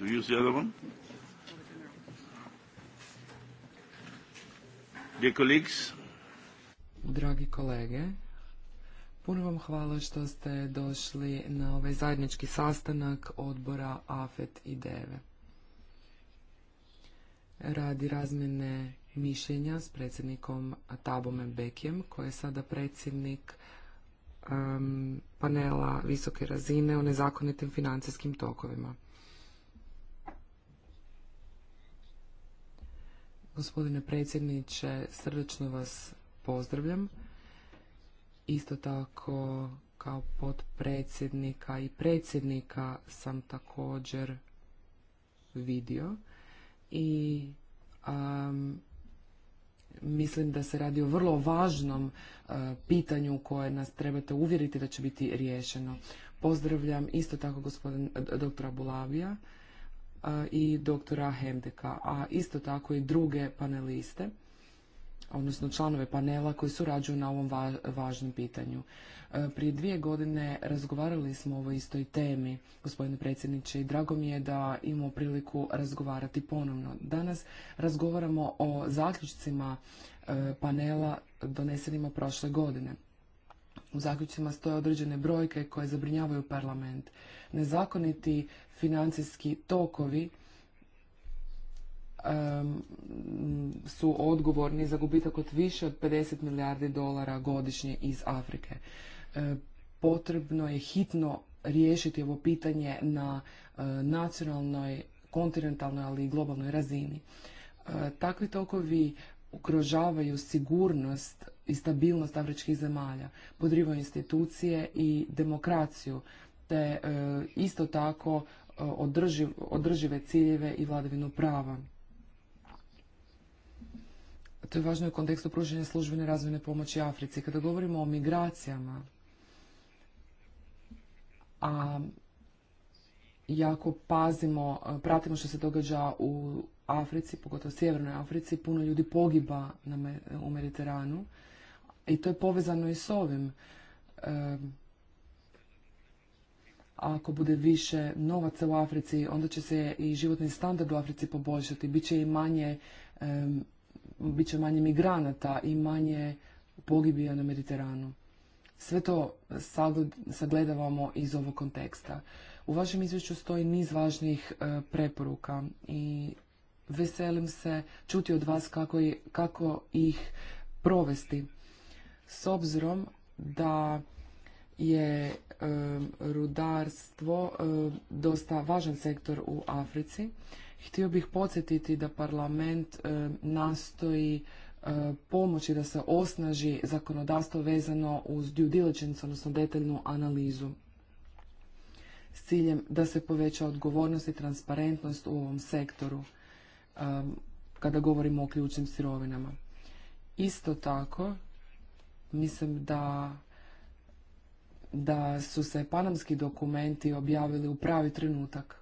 you Dragi kolege, puno vam hvala što ste došli na ovaj zajednički sastanak odbora AFET i DEVE. Radi razmjene mišljenja s predsjednikom Tabom Bekijem, koji je sada predsjednik panela visoke razine o nezakonitim financijskim tokovima. Gospodine predsjedniče, srdečno vas pozdravljam. Isto tako kao potpredsjednika i predsjednika sam također vidio i mislim da se radi o vrlo važnom e, pitanju koje nas trebate uvjeriti da će biti riješeno. Pozdravljam isto tako gospodin e, doktora Bulavija i doktora Hemdeka, a isto tako i druge paneliste, odnosno članove panela koji surađuju na ovom važnom pitanju. Prije dvije godine razgovarali smo o ovoj istoj temi, gospodine predsjedniče, i drago mi je da imamo priliku razgovarati ponovno. Danas razgovaramo o zaključcima panela donesenima prošle godine. U zaključcima stoje određene brojke koje zabrinjavaju parlament. Nezakoniti financijski tokovi su odgovorni za gubitak od više od 50 milijardi dolara godišnje iz Afrike. E, potrebno je hitno riješiti ovo pitanje na e, nacionalnoj, kontinentalnoj, ali i globalnoj razini. E, takvi tokovi ugrožavaju sigurnost i stabilnost afričkih zemalja, podriva institucije i demokraciju, te e, isto tako e, održive ciljeve i vladavinu prava. To je važno u kontekstu pružanja službene razvojne pomoći Africi. Kada govorimo o migracijama, a jako pazimo, pratimo što se događa u Africi, pogotovo u Sjevernoj Africi, puno ljudi pogiba u Mediteranu. I to je povezano i s ovim. ako bude više novaca u Africi, onda će se i životni standard u Africi poboljšati. Biće i manje, bit manje migranata i manje pogibija na Mediteranu. Sve to sagledavamo iz ovog konteksta. U vašem izvješću stoji niz važnih e, preporuka i veselim se čuti od vas kako, kako ih provesti s obzirom da je rudarstvo dosta važan sektor u Africi. Htio bih podsjetiti da parlament nastoji pomoći da se osnaži zakonodavstvo vezano uz due diligence, odnosno detaljnu analizu s ciljem da se poveća odgovornost i transparentnost u ovom sektoru kada govorimo o ključnim sirovinama. Isto tako, Mislim da da su se panamski dokumenti objavili u pravi trenutak.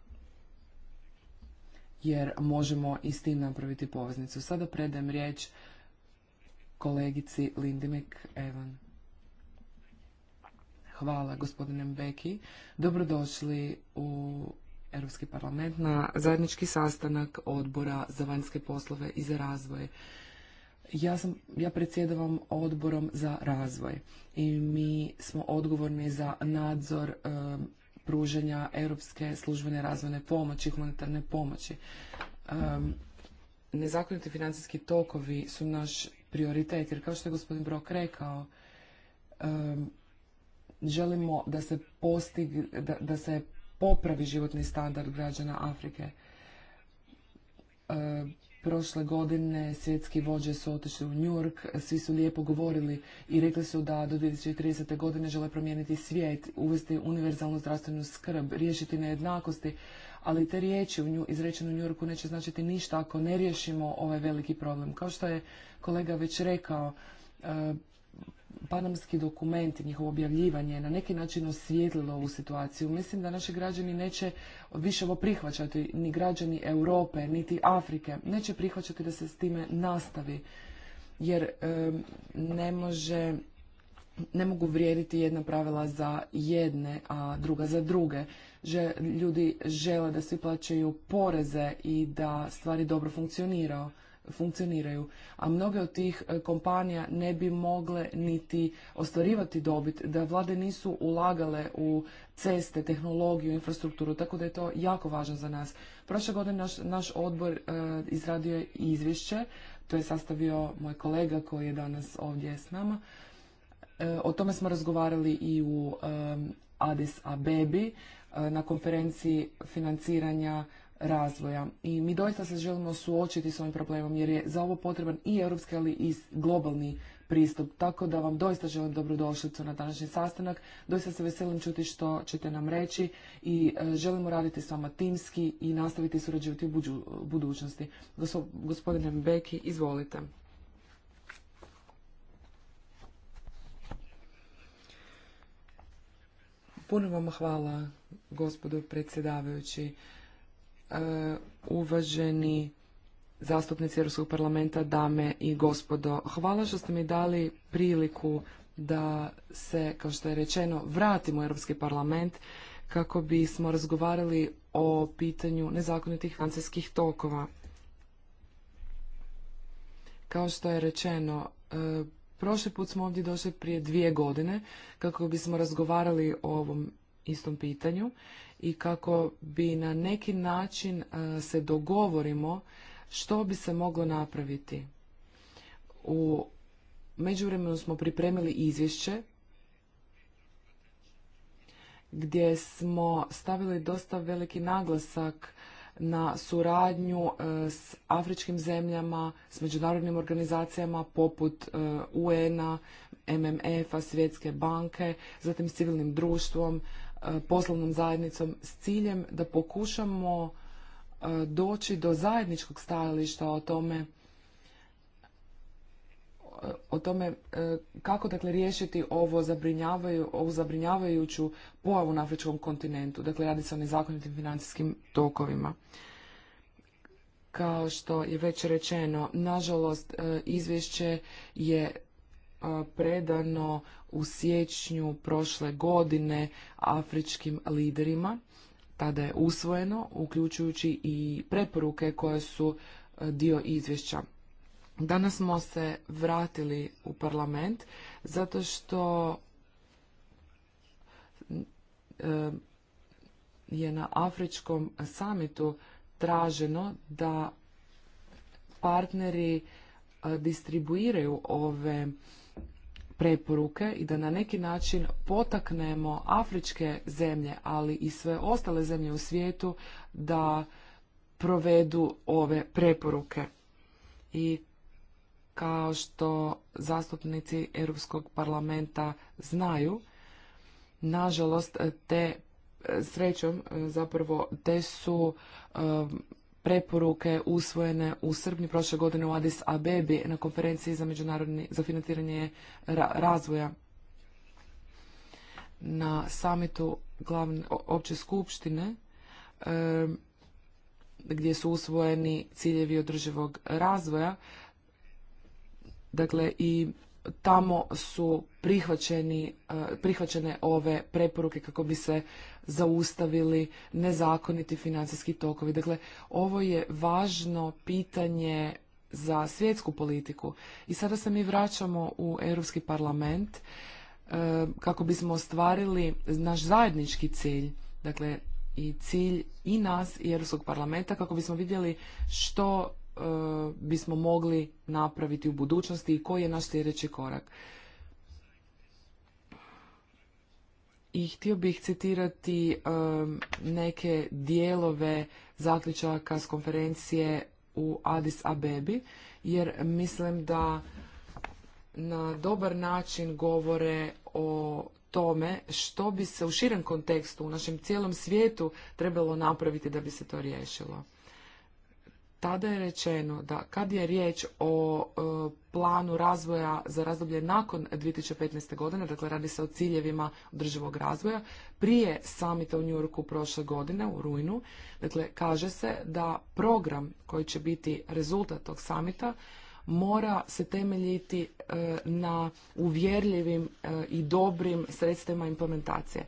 Jer možemo i s tim napraviti poveznicu. Sada predajem riječ kolegici Lindy evan Hvala gospodine Beki. Dobrodošli u Europski parlament na zajednički sastanak odbora za vanjske poslove i za razvoj. Ja, sam, ja predsjedavam odborom za razvoj i mi smo odgovorni za nadzor e, pružanja europske službene razvojne pomoći, humanitarne pomoći. E, nezakoniti financijski tokovi su naš prioritet, jer kao što je gospodin Brok rekao, e, želimo da se postig, da, da se popravi životni standard građana Afrike. E, Prošle godine svjetski vođe su otišli u Njurk, svi su lijepo govorili i rekli su da do 2030. godine žele promijeniti svijet, uvesti univerzalnu zdravstvenu skrb, riješiti nejednakosti, ali te riječi u nju, izrečene u Njurku neće značiti ništa ako ne riješimo ovaj veliki problem. Kao što je kolega već rekao, panamski dokumenti, njihovo objavljivanje na neki način osvijetlilo ovu situaciju. Mislim da naši građani neće više ovo prihvaćati, ni građani Europe, niti Afrike, neće prihvaćati da se s time nastavi, jer ne može ne mogu vrijediti jedna pravila za jedne, a druga za druge. ljudi žele da svi plaćaju poreze i da stvari dobro funkcioniraju funkcioniraju. A mnoge od tih e, kompanija ne bi mogle niti ostvarivati dobit da vlade nisu ulagale u ceste, tehnologiju, infrastrukturu, tako da je to jako važno za nas. Prošle godine naš, naš odbor e, izradio je izvješće, to je sastavio moj kolega koji je danas ovdje s nama. E, o tome smo razgovarali i u e, Addis Abebi na konferenciji financiranja razvoja. I mi doista se želimo suočiti s ovim problemom jer je za ovo potreban i europski ali i globalni pristup. Tako da vam doista želim dobrodošlicu na današnji sastanak. Doista se veselim čuti što ćete nam reći i e, želimo raditi s vama timski i nastaviti surađivati u budućnosti. Gospodine Beki, izvolite. Puno vam hvala, gospodo predsjedavajući. E, uvaženi zastupnici Europskog parlamenta, dame i gospodo. Hvala što ste mi dali priliku da se, kao što je rečeno, vratimo u Europski parlament kako bismo razgovarali o pitanju nezakonitih financijskih tokova. Kao što je rečeno, e, prošli put smo ovdje došli prije dvije godine kako bismo razgovarali o ovom istom pitanju i kako bi na neki način e, se dogovorimo što bi se moglo napraviti. U međuvremenu smo pripremili izvješće gdje smo stavili dosta veliki naglasak na suradnju e, s afričkim zemljama, s međunarodnim organizacijama poput e, UN-a, MMF-a, Svjetske banke, zatim s civilnim društvom, E, poslovnom zajednicom s ciljem da pokušamo e, doći do zajedničkog stajališta o tome e, o tome kako dakle riješiti ovo zabrinjavaju, ovu zabrinjavajuću pojavu na afričkom kontinentu. Dakle, radi se o nezakonitim financijskim tokovima. Kao što je već rečeno, nažalost, izvješće je predano u siječnju prošle godine afričkim liderima. Tada je usvojeno, uključujući i preporuke koje su dio izvješća. Danas smo se vratili u parlament zato što je na afričkom samitu traženo da partneri distribuiraju ove preporuke i da na neki način potaknemo afričke zemlje, ali i sve ostale zemlje u svijetu da provedu ove preporuke. I kao što zastupnici Europskog parlamenta znaju, nažalost te e, srećom e, zapravo te su e, preporuke usvojene u srpnju prošle godine u Addis Abebi na konferenciji za međunarodni za financiranje razvoja. Na samitu glavne opće skupštine gdje su usvojeni ciljevi održivog razvoja, dakle i tamo su e, prihvaćene ove preporuke kako bi se zaustavili nezakoniti financijski tokovi. Dakle, ovo je važno pitanje za svjetsku politiku i sada se mi vraćamo u Europski parlament e, kako bismo ostvarili naš zajednički cilj, dakle i cilj i nas i Europskog parlamenta kako bismo vidjeli što E, bismo mogli napraviti u budućnosti i koji je naš sljedeći korak. I htio bih citirati e, neke dijelove zaključaka s konferencije u Addis Abebi, jer mislim da na dobar način govore o tome što bi se u širem kontekstu u našem cijelom svijetu trebalo napraviti da bi se to riješilo tada je rečeno da kad je riječ o e, planu razvoja za razdoblje nakon 2015. godine, dakle radi se o ciljevima održivog razvoja, prije samita u Njurku prošle godine u rujnu, dakle kaže se da program koji će biti rezultat tog samita mora se temeljiti e, na uvjerljivim e, i dobrim sredstvima implementacije.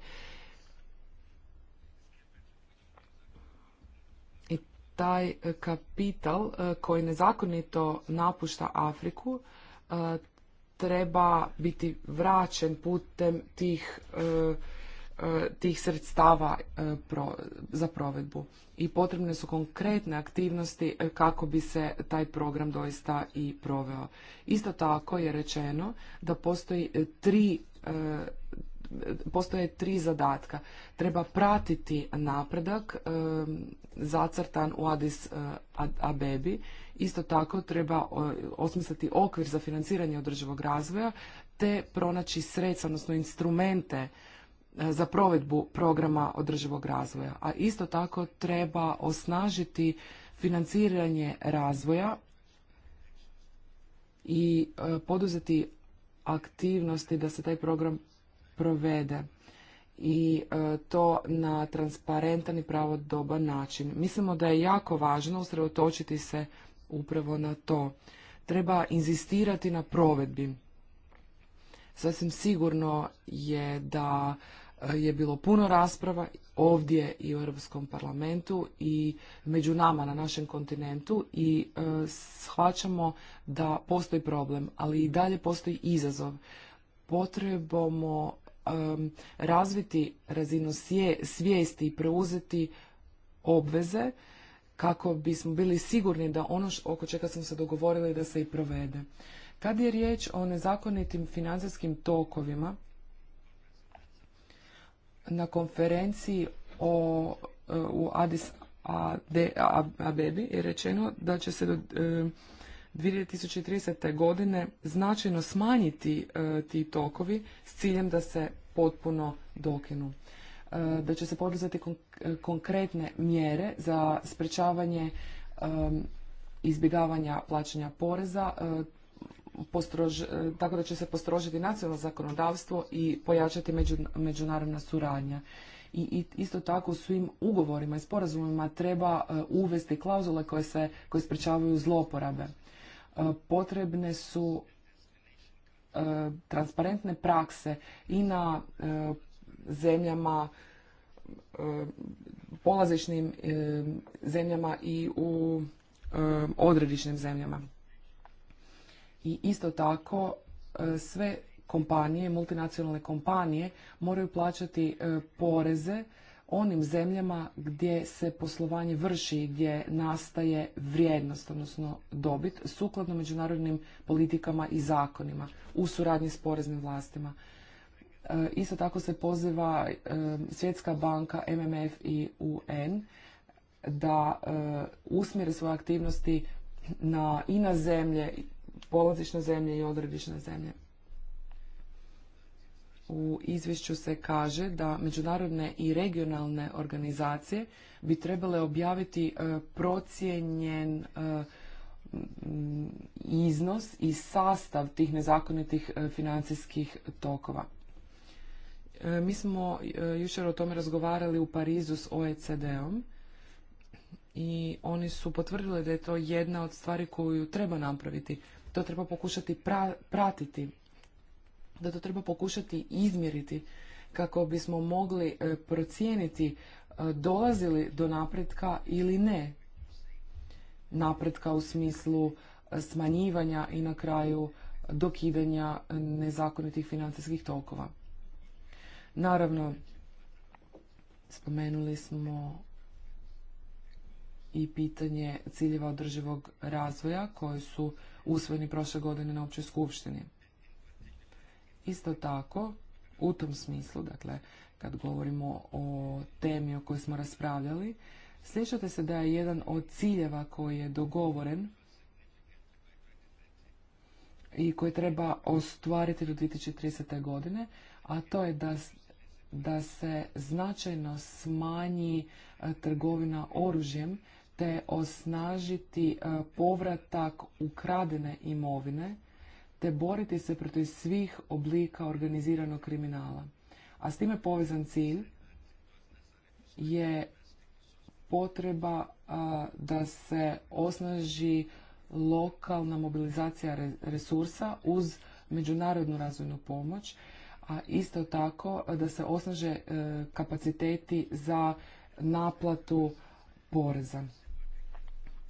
taj kapital e, koji nezakonito napušta Afriku e, treba biti vraćen putem tih e, tih sredstava za provedbu i potrebne su konkretne aktivnosti kako bi se taj program doista i proveo. Isto tako je rečeno da postoji tri postoje tri zadatka. Treba pratiti napredak zacrtan u Addis eh, Abebi. Isto tako treba eh, osmisliti okvir za financiranje održivog razvoja te pronaći sredstva, odnosno instrumente eh, za provedbu programa održivog razvoja. A isto tako treba osnažiti financiranje razvoja i poduzeti aktivnosti da se taj program provede i e, to na transparentan i pravodoban način. Mislimo da je jako važno usredotočiti se upravo na to. Treba inzistirati na provedbi. Sasvim sigurno je da e, je bilo puno rasprava ovdje i u Europskom parlamentu i među nama na našem kontinentu i e, shvaćamo da postoji problem, ali i dalje postoji izazov. Potrebamo razviti razinu svijesti i preuzeti obveze kako bismo bili sigurni da ono oko čega smo se dogovorili da se i provede. Kad je riječ o nezakonitim financijskim tokovima, na konferenciji o, e, u Addis Abebi je rečeno da će se do 2030. E, godine značajno smanjiti e, ti tokovi s ciljem da se potpuno dokinu. E, da će se poduzeti konkretne mjere za sprečavanje izbjegavanja plaćanja poreza, e, e, tako da će se postrožiti nacionalno zakonodavstvo i pojačati međunarodna suradnja. I isto tako u svim ugovorima i sporazumima treba uvesti klauzule koje se koje sprečavaju zloporabe. Potrebne su E, transparentne prakse i na e, zemljama e, polazišnim zemljama i u odredišnim zemljama. I isto tako sve kompanije, multinacionalne kompanije moraju plaćati poreze onim zemljama gdje se poslovanje vrši i gdje nastaje vrijednost, odnosno dobit, sukladno međunarodnim politikama i zakonima u suradnji s poreznim vlastima. E, isto tako se poziva e, Svjetska banka, MMF i UN da e, usmjere svoje aktivnosti na, i na zemlje, polazične zemlje i odredišne zemlje u izvješću se kaže da međunarodne i regionalne organizacije bi trebale objaviti e, procijenjen e, iznos i sastav tih nezakonitih e, financijskih tokova. Mi smo jučer o tome razgovarali u Parizu s OECD-om i oni su potvrdili da je to jedna od stvari koju treba napraviti. To treba pokušati pratiti da to treba pokušati izmjeriti kako bismo mogli e, procijeniti e, dolazili do napretka ili ne. Napretka u smislu e, smanjivanja i na kraju dokidanja nezakonitih financijskih tokova. Naravno, spomenuli smo i pitanje ciljeva održivog razvoja koje su usvojeni prošle godine na općoj skupštini. Isto tako, u tom smislu, dakle, kad govorimo o temi o kojoj smo raspravljali, sjećate se da je jedan od ciljeva koji je dogovoren i koji treba ostvariti do 2030. godine, a to je da, da se značajno smanji e, trgovina oružjem te osnažiti e, povratak ukradene imovine te boriti se protiv svih oblika organiziranog kriminala. A s time povezan cilj je potreba da se osnaži lokalna mobilizacija resursa uz međunarodnu razvojnu pomoć, a isto tako da se osnaže e, kapaciteti za naplatu poreza.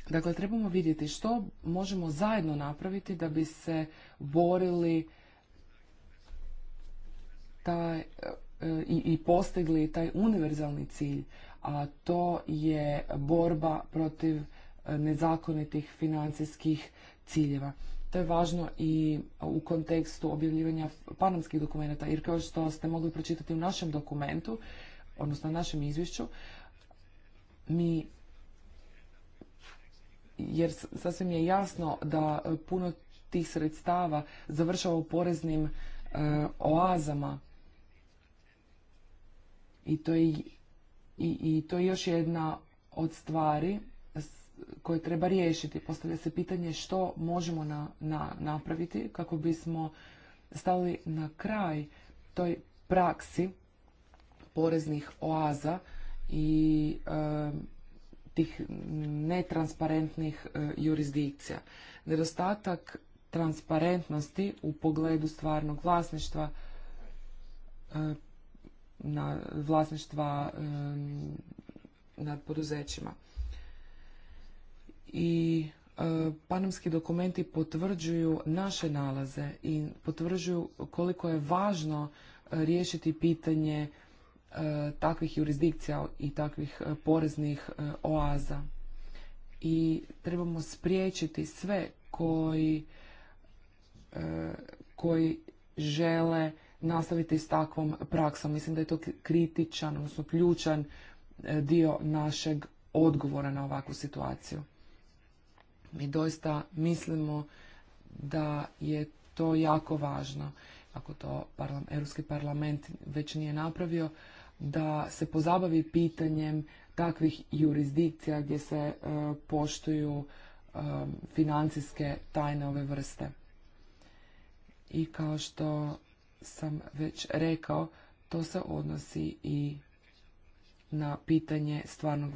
Dakle, trebamo vidjeti što možemo zajedno napraviti da bi se borili taj, e, i, i postigli taj univerzalni cilj, a to je borba protiv e, nezakonitih financijskih ciljeva. To je važno i u kontekstu objavljivanja panamskih dokumenta, jer kao što ste mogli pročitati u našem dokumentu, odnosno našem izvješću, mi jer sasvim je jasno da e, puno tih sredstava završava u poreznim e, oazama. I to je, i, to je još jedna od stvari koje treba riješiti. Postavlja se pitanje što možemo na, napraviti kako bismo stali na kraj toj praksi poreznih oaza i e, netransparentnih e, jurisdikcija. Nedostatak transparentnosti u pogledu stvarnog vlasništva e, na vlasništva e, nad poduzećima. I panamski dokumenti potvrđuju naše nalaze i potvrđuju koliko je važno riješiti pitanje E, takvih jurisdikcija i takvih e, poreznih e, oaza. I trebamo spriječiti sve koji, koji žele nastaviti s takvom praksom. Mislim da je to kritičan, odnosno ključan dio našeg odgovora na ovakvu situaciju. Mi doista mislimo da je to jako važno. Ako to Europski parlament već nije napravio, da se pozabavi pitanjem takvih jurisdikcija gdje se e, poštuju e, financijske tajne ove vrste. I kao što sam već rekao, to se odnosi i na pitanje stvarnog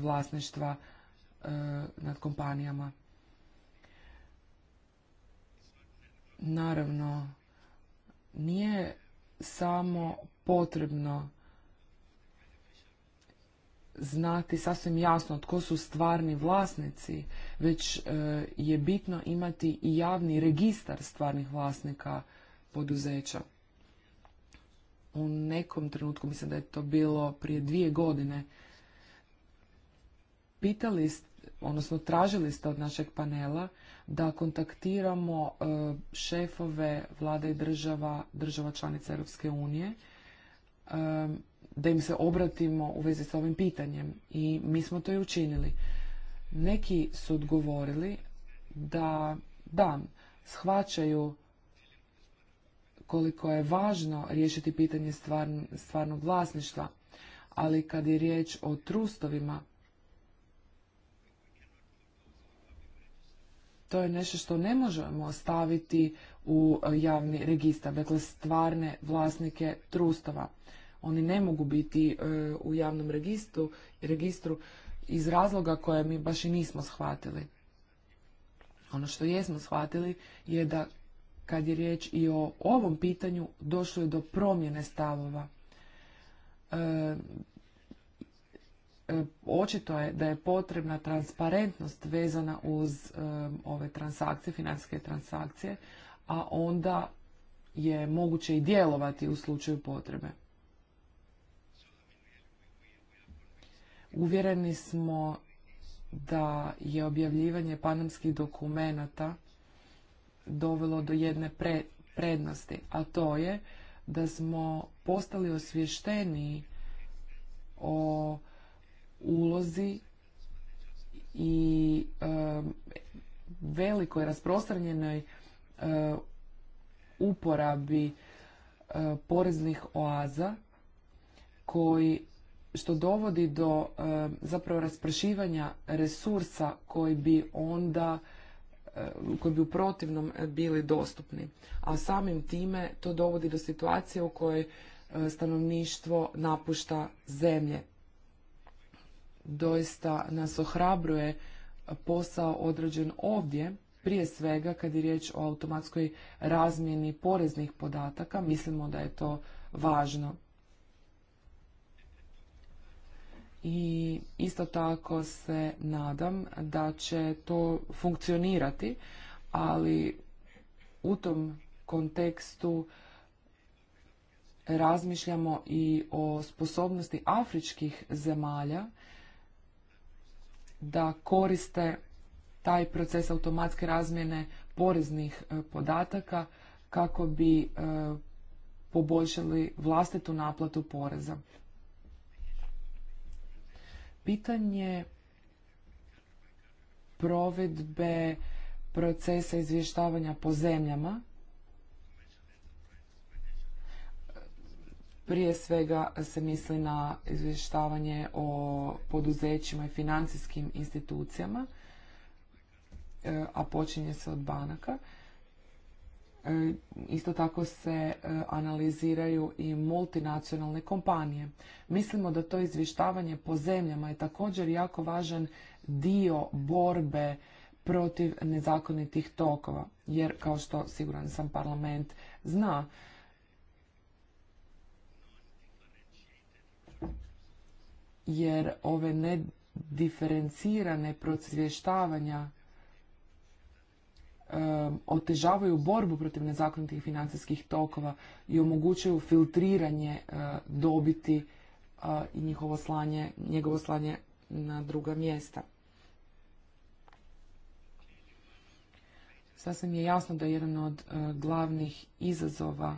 vlasništva e, nad kompanijama. Naravno, nije samo potrebno znati sasvim jasno tko su stvarni vlasnici, već e, je bitno imati i javni registar stvarnih vlasnika poduzeća. U nekom trenutku, mislim da je to bilo prije dvije godine, pitali, odnosno tražili ste od našeg panela da kontaktiramo e, šefove vlade i država, država članica Europske unije, e, da im se obratimo u vezi s ovim pitanjem i mi smo to i učinili. Neki su odgovorili da da, shvaćaju koliko je važno riješiti pitanje stvarnog vlasništva, ali kad je riječ o trustovima, to je nešto što ne možemo staviti u javni registar, dakle stvarne vlasnike trustova. Oni ne mogu biti e, u javnom registru, registru iz razloga koje mi baš i nismo shvatili. Ono što jesmo shvatili je da kad je riječ i o ovom pitanju došlo je do promjene stavova. E, e očito je da je potrebna transparentnost vezana uz e, ove transakcije, financijske transakcije, a onda je moguće i djelovati u slučaju potrebe. Uvjereni smo da je objavljivanje panamskih dokumenata dovelo do jedne prednosti, a to je da smo postali osvješteni o ulozi i um, velikoj rasprostranjenoj uh, uporabi uh, poreznih oaza koji što dovodi do e, zapravo raspršivanja resursa koji bi onda e, koji bi u protivnom e, bili dostupni. A samim time to dovodi do situacije u kojoj e, stanovništvo napušta zemlje. Doista nas ohrabruje posao odrađen ovdje, prije svega kad je riječ o automatskoj razmjeni poreznih podataka, mislimo da je to važno i isto tako se nadam da će to funkcionirati, ali u tom kontekstu razmišljamo i o sposobnosti afričkih zemalja da koriste taj proces automatske razmjene poreznih e, podataka kako bi e, poboljšali vlastitu naplatu poreza pitanje provedbe procesa izvještavanja po zemljama, prije svega se misli na izvještavanje o poduzećima i financijskim institucijama, e, a počinje se od banaka. E, isto tako se e, analiziraju i multinacionalne kompanije. Mislimo da to izvještavanje po zemljama je također jako važan dio borbe protiv nezakonitih tokova. Jer, kao što siguran sam parlament zna, jer ove nediferencirane procvještavanja otežavaju borbu protiv nezakonitih financijskih tokova i omogućuju filtriranje eh, dobiti eh, i njihovo slanje, njegovo slanje na druga mjesta. Sasvim je jasno da jedan od eh, glavnih izazova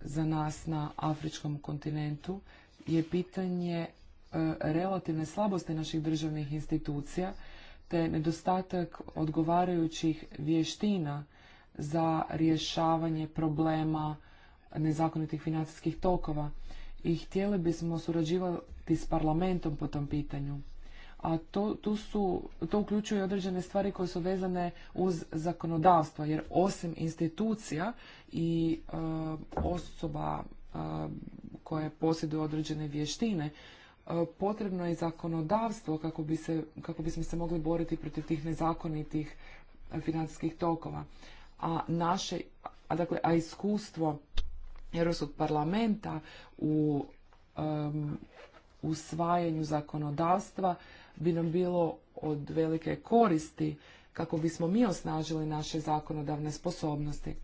za nas na afričkom kontinentu je pitanje relativne slabosti naših državnih institucija te nedostatak odgovarajućih vještina za rješavanje problema nezakonitih financijskih tokova i htjeli bismo surađivati s parlamentom po tom pitanju. A to, tu su, to uključuje određene stvari koje su vezane uz zakonodavstvo, jer osim institucija i e, osoba e, koje posjeduju određene vještine, E, potrebno je zakonodavstvo kako, bi se, kako bismo se mogli boriti protiv tih nezakonitih e, financijskih tokova. A naše, a dakle, a iskustvo Europskog parlamenta u usvajanju zakonodavstva bi nam bilo od velike koristi kako bismo mi osnažili naše zakonodavne sposobnosti.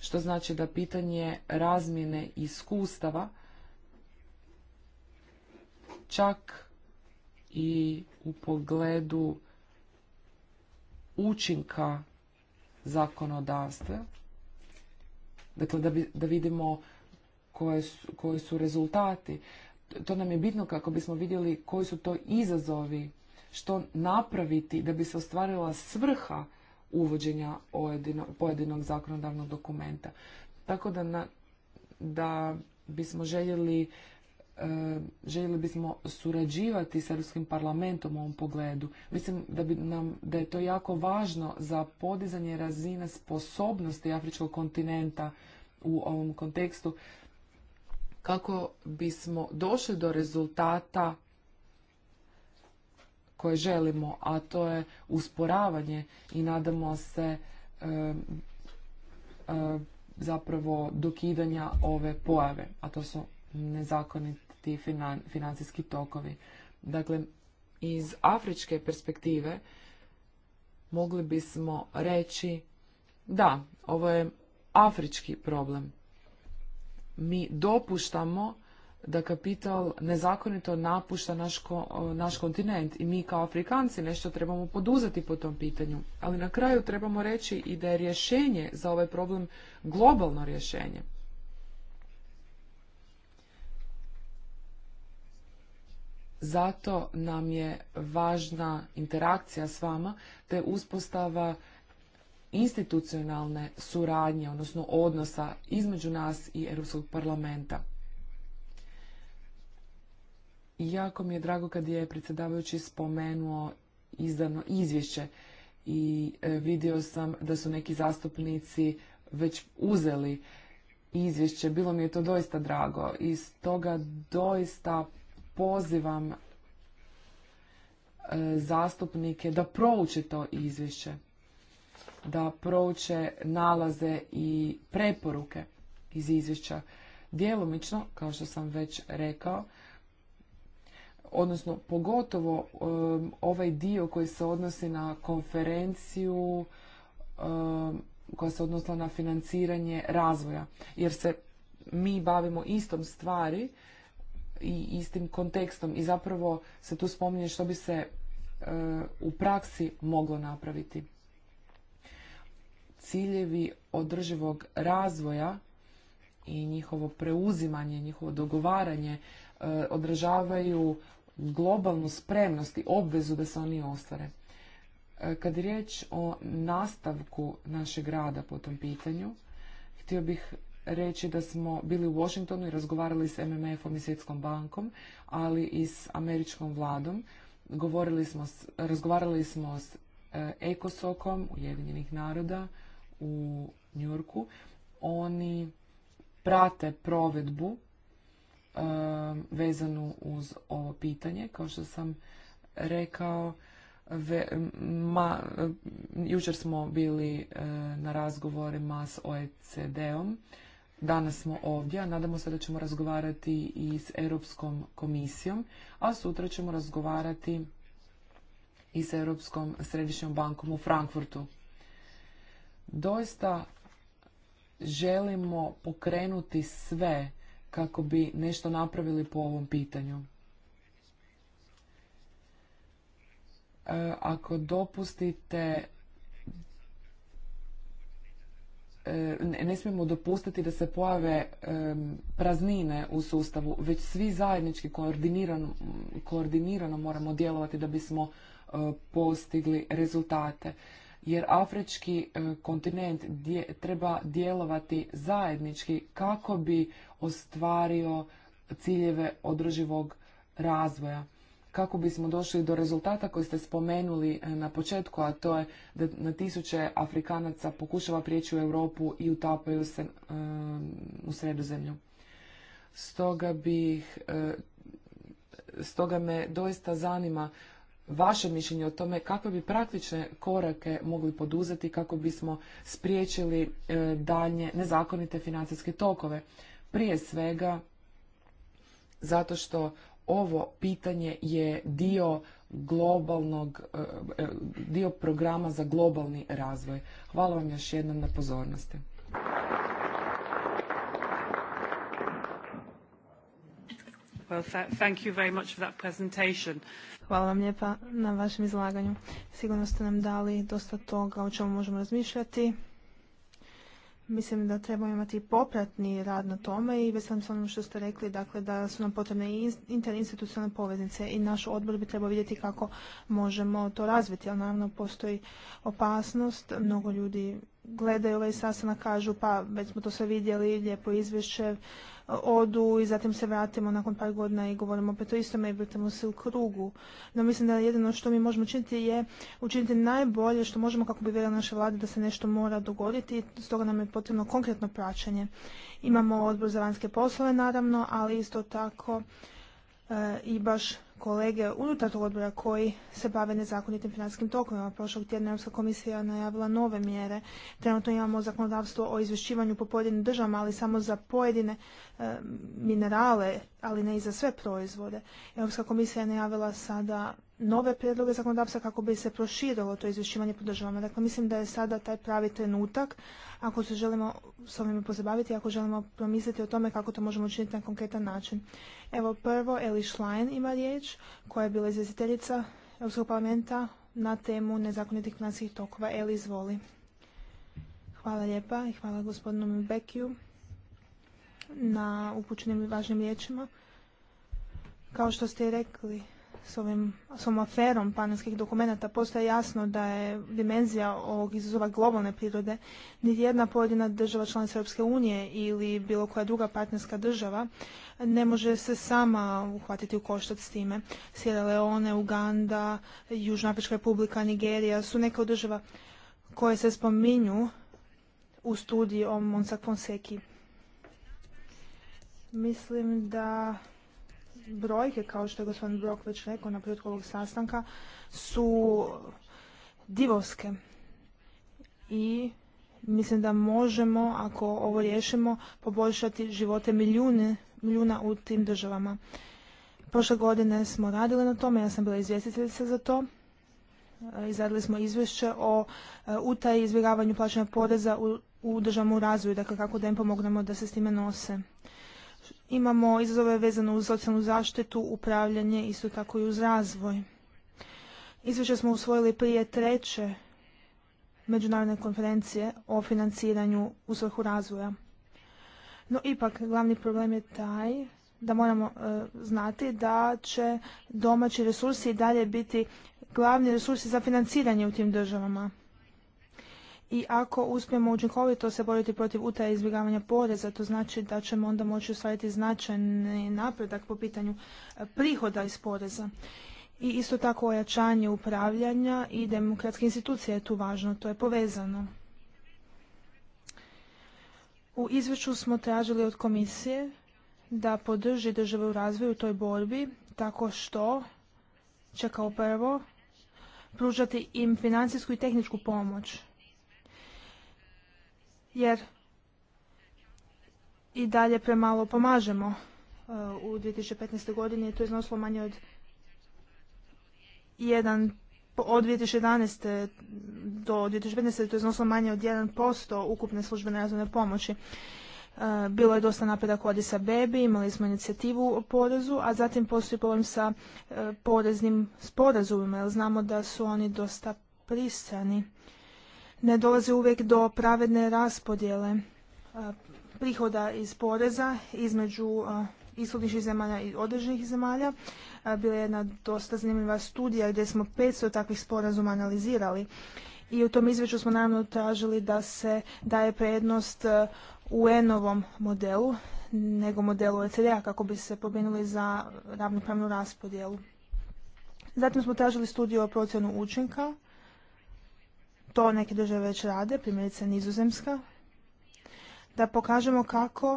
Što znači da pitanje razmjene iskustava čak i u pogledu učinka zakonodavstva. Dakle, da, bi, da vidimo koje su, koji su rezultati. To nam je bitno kako bismo vidjeli koji su to izazovi, što napraviti da bi se ostvarila svrha uvođenja pojedinog zakonodavnog dokumenta. Tako da, na, da bismo željeli E, željeli bismo surađivati s Europskim parlamentom u ovom pogledu. Mislim da, bi nam, da je to jako važno za podizanje razine sposobnosti Afričkog kontinenta u ovom kontekstu kako bismo došli do rezultata koje želimo, a to je usporavanje i nadamo se e, e, zapravo dokidanja ove pojave, a to su nezakonite ti financijski tokovi. Dakle, iz afričke perspektive mogli bismo reći da, ovo je afrički problem. Mi dopuštamo da kapital nezakonito napušta naš, naš kontinent i mi kao Afrikanci nešto trebamo poduzeti po tom pitanju. Ali na kraju trebamo reći i da je rješenje za ovaj problem globalno rješenje. Zato nam je važna interakcija s vama te uspostava institucionalne suradnje, odnosno odnosa između nas i Europskog parlamenta. Jako mi je drago kad je predsjedavajući spomenuo izdano izvješće i e, vidio sam da su neki zastupnici već uzeli izvješće. Bilo mi je to doista drago i stoga doista pozivam e, zastupnike da prouče to izvješće, da prouče nalaze i preporuke iz izvješća. Djelomično, kao što sam već rekao, odnosno pogotovo ovaj dio koji se odnosi na konferenciju koja se odnosila na financiranje razvoja, jer se mi bavimo istom stvari, i istim kontekstom i zapravo se tu spominje što bi se e, u praksi moglo napraviti. Ciljevi održivog razvoja i njihovo preuzimanje, njihovo dogovaranje e, odražavaju globalnu spremnost i obvezu da se oni ostvare. E, kad je riječ o nastavku našeg rada po tom pitanju, htio bih reći da smo bili u Washingtonu i razgovarali s MMF-om i Svjetskom bankom, ali i s američkom vladom. Govorili smo, razgovarali smo s Ekosokom Ujedinjenih naroda u Njurku. Oni prate provedbu e, vezanu uz ovo pitanje. Kao što sam rekao, ve, ma, jučer smo bili e, na razgovorima s OECD-om Danas smo ovdje, a nadamo se da ćemo razgovarati i s Europskom komisijom, a sutra ćemo razgovarati i s Europskom središnjom bankom u Frankfurtu. Doista želimo pokrenuti sve kako bi nešto napravili po ovom pitanju. E, ako dopustite, E, ne smijemo dopustiti da se pojave e, praznine u sustavu, već svi zajednički koordinirano, koordinirano moramo djelovati da bismo e, postigli rezultate. Jer afrički kontinent treba djelovati zajednički kako bi ostvario ciljeve održivog razvoja kako bismo došli do rezultata koji ste spomenuli e, na početku, a to je da na tisuće Afrikanaca pokušava prijeći u Europu i utapaju se e, u sredozemlju. Stoga bih, e, stoga me doista zanima vaše mišljenje o tome kakve bi praktične korake mogli poduzeti kako bismo spriječili daljnje nezakonite financijske tokove. Prije svega zato što ovo pitanje je dio globalnog, e, e, dio programa za globalni razvoj. Hvala vam još jednom na pozornosti. Well, thank you very much for that presentation. Hvala vam lijepa na vašem izlaganju. Sigurno ste nam dali dosta toga o čemu možemo razmišljati. Mislim da trebamo imati popratni rad na tome i veselim se onom što ste rekli, dakle da su nam potrebne interinstitucionalne poveznice i naš odbor bi trebao vidjeti kako možemo to razviti, ali naravno postoji opasnost, mnogo ljudi gledaju ovaj sasana, kažu pa već smo to sve vidjeli, lijepo izvješće, e, odu i zatim se vratimo nakon par godina i govorimo opet o istome i vrtimo se u krugu. No mislim da jedino što mi možemo učiniti je učiniti najbolje što možemo kako bi vjerila naše vlade da se nešto mora dogoditi i stoga nam je potrebno konkretno praćenje. Imamo odbor za vanjske poslove naravno, ali isto tako e, i baš kolege unutar tog odbora koji se bave nezakonitim financijskim tokovima. Prošlog tjedna Europska komisija najavila nove mjere. Trenutno imamo zakonodavstvo o izvješćivanju po pojedinim državama, ali samo za pojedine eh, minerale ali ne i za sve proizvode. Europska komisija je najavila sada nove prijedloge zakonodavstva kako bi se proširilo to izvješćivanje po Dakle, mislim da je sada taj pravi trenutak ako se želimo s ovime pozabaviti, ako želimo promisliti o tome kako to možemo učiniti na konkretan način. Evo prvo, Eli Schlein ima riječ, koja je bila izvjestiteljica Europskog parlamenta na temu nezakonitih financijskih tokova. Eli, izvoli. Hvala lijepa i hvala gospodinu Bekiju na upućenim važnim riječima. Kao što ste i rekli, s, ovim, s ovom aferom panelskih dokumenata postaje jasno da je dimenzija ovog izazova globalne prirode. Niti jedna pojedina država članica Europske unije ili bilo koja druga partnerska država ne može se sama uhvatiti u koštac s time. Sierra Leone, Uganda, Afrička republika, Nigerija su neke od država koje se spominju u studiji o Monsak Fonseki. Mislim da brojke, kao što je gospodin Brok već rekao na početku ovog sastanka, su divovske. I mislim da možemo, ako ovo riješimo, poboljšati živote milijuna u tim državama. Prošle godine smo radili na tome, ja sam bila izvjestiteljica za to. E, izradili smo izvješće o e, utaji izbjegavanju plaćanja poreza u, u državnom razvoju, dakle kako da im pomognemo da se s time nose. Imamo izazove vezane uz socijalnu zaštitu, upravljanje, isto tako i uz razvoj. Izvješće smo usvojili prije treće međunarodne konferencije o financiranju u svrhu razvoja. No ipak, glavni problem je taj da moramo e, znati da će domaći resursi i dalje biti glavni resursi za financiranje u tim državama i ako uspijemo učinkovito se boriti protiv utaje izbjegavanja poreza, to znači da ćemo onda moći ostvariti značajni napredak po pitanju e, prihoda iz poreza. I isto tako ojačanje upravljanja i demokratske institucije je tu važno, to je povezano. U izvješću smo tražili od komisije da podrži države u razvoju u toj borbi tako što će kao prvo pružati im financijsku i tehničku pomoć jer i dalje premalo pomažemo uh, u 2015. godini to je iznosilo manje od jedan od 2011. do 2015. to je iznosilo manje od 1% ukupne službene razvojne pomoći. Uh, bilo je dosta napredak i sa Bebi, imali smo inicijativu o porezu, a zatim postoji problem sa uh, poreznim sporazumima, jer znamo da su oni dosta pristrani ne dolazi uvijek do pravedne raspodjele e, prihoda iz poreza između e, ishodničkih zemalja i određenih zemalja. E, bila je jedna dosta zanimljiva studija gdje smo 500 takvih sporazuma analizirali i u tom izveću smo naravno tražili da se daje prednost u ovom modelu nego modelu ecd a kako bi se pobrinuli za ravnopravnu raspodjelu. Zatim smo tražili studiju o procjenu učinka to neke države već rade, primjerice nizozemska, da pokažemo kako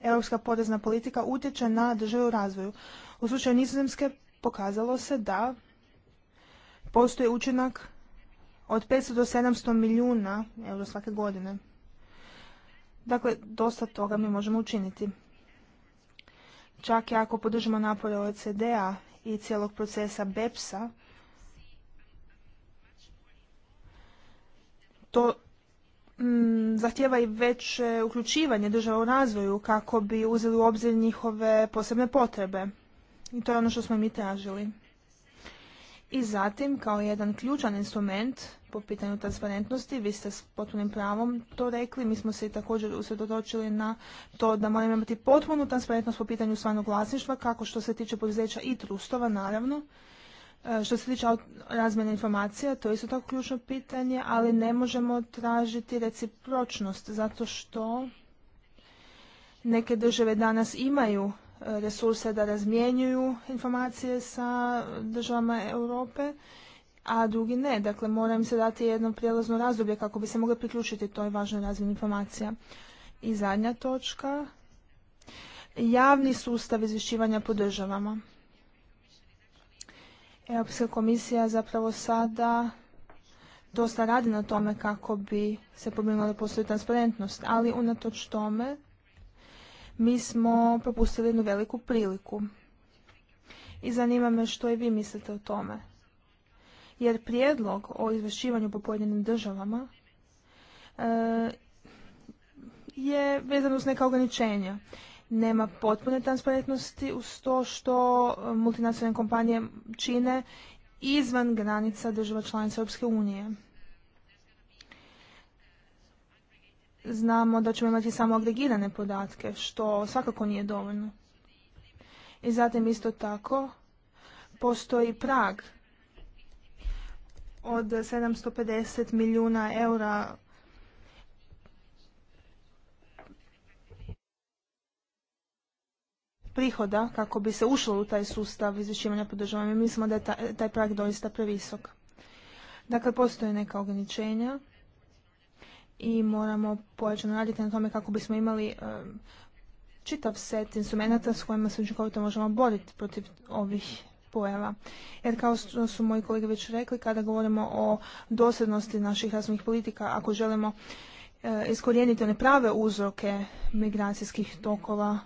europska porezna politika utječe na državu razvoju. U slučaju nizozemske pokazalo se da postoji učinak od 500 do 700 milijuna euro svake godine. Dakle, dosta toga mi možemo učiniti. Čak i ako podržimo napore OECD-a i cijelog procesa BEPS-a, to mm, zahtjeva i veće uključivanje država u razvoju kako bi uzeli u obzir njihove posebne potrebe. I to je ono što smo mi tražili. I zatim, kao jedan ključan instrument po pitanju transparentnosti, vi ste s potpunim pravom to rekli, mi smo se i također usredotočili na to da moramo imati potpunu transparentnost po pitanju stvarnog vlasništva, kako što se tiče poduzeća i trustova, naravno, E, što se tiče razmjene informacija, to je isto tako ključno pitanje, ali ne možemo tražiti recipročnost zato što neke države danas imaju e, resurse da razmjenjuju informacije sa državama Europe, a drugi ne. Dakle, mora im se dati jedno prijelazno razdoblje kako bi se mogli priključiti toj važnoj razmjeni informacija. I zadnja točka, javni sustav izvješćivanja po državama. Europska komisija zapravo sada dosta radi na tome kako bi se pobrinula da postoji transparentnost, ali unatoč tome mi smo propustili jednu veliku priliku. I zanima me što i vi mislite o tome. Jer prijedlog o izvršivanju po pojedinim državama e, je vezan uz neka ograničenja nema potpune transparentnosti uz to što e, multinacionalne kompanije čine izvan granica država članica Europske unije. Znamo da ćemo imati samo agregirane podatke, što svakako nije dovoljno. I zatim isto tako postoji prag od 750 milijuna eura prihoda kako bi se ušlo u taj sustav izvješćivanja podržavanja. mislimo da je taj, prag doista previsok. Dakle, postoje neka ograničenja i moramo pojačano raditi na tome kako bismo imali e, čitav set instrumenta s kojima se učinkovito možemo boriti protiv ovih pojava. Jer kao što su moji kolege već rekli, kada govorimo o dosljednosti naših razvojnih politika, ako želimo e, iskorijeniti one prave uzroke migracijskih tokova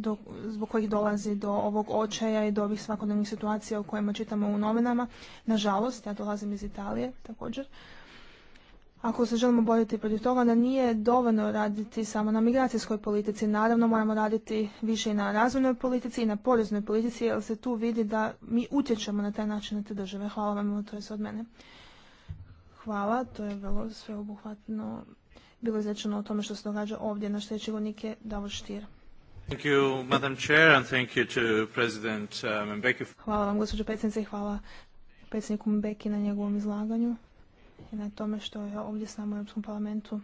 do, zbog kojih dolazi do ovog očaja i do ovih svakodnevnih situacija o kojima čitamo u novinama. Nažalost, ja dolazim iz Italije također. Ako se želimo boriti protiv toga, da nije dovoljno raditi samo na migracijskoj politici. Naravno, moramo raditi više i na razvojnoj politici i na poreznoj politici, jer se tu vidi da mi utječemo na taj način na te države. Hvala vam, to je sve od mene. Hvala, to je vrlo sveobuhvatno bilo izrečeno o tome što se događa ovdje. na sljedeći Davor Uh, hvala vam, gospođo predsjednice, i hvala predsjedniku Mbeki na njegovom izlaganju i na tome što je ovdje s nama u Europskom parlamentu.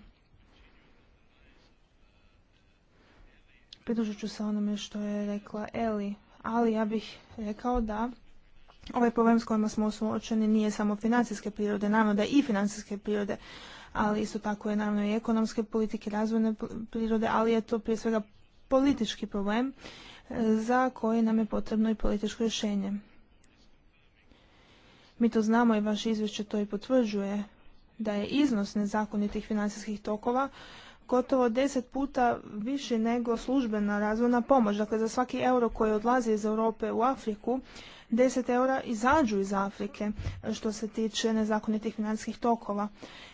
Pridružit ću se onome što je rekla Eli, ali ja bih rekao da ovaj problem s kojima smo suočeni nije samo financijske prirode, naravno da i financijske prirode, ali isto tako je naravno i ekonomske politike, razvojne prirode, ali je to prije svega politički problem e, za koji nam je potrebno i političko rješenje. Mi to znamo i vaše izvješće to i potvrđuje da je iznos nezakonitih financijskih tokova gotovo deset puta više nego službena razvojna pomoć. Dakle, za svaki euro koji odlazi iz Europe u Afriku, Deset eura izađu iz Afrike što se tiče nezakonitih financijskih tokova.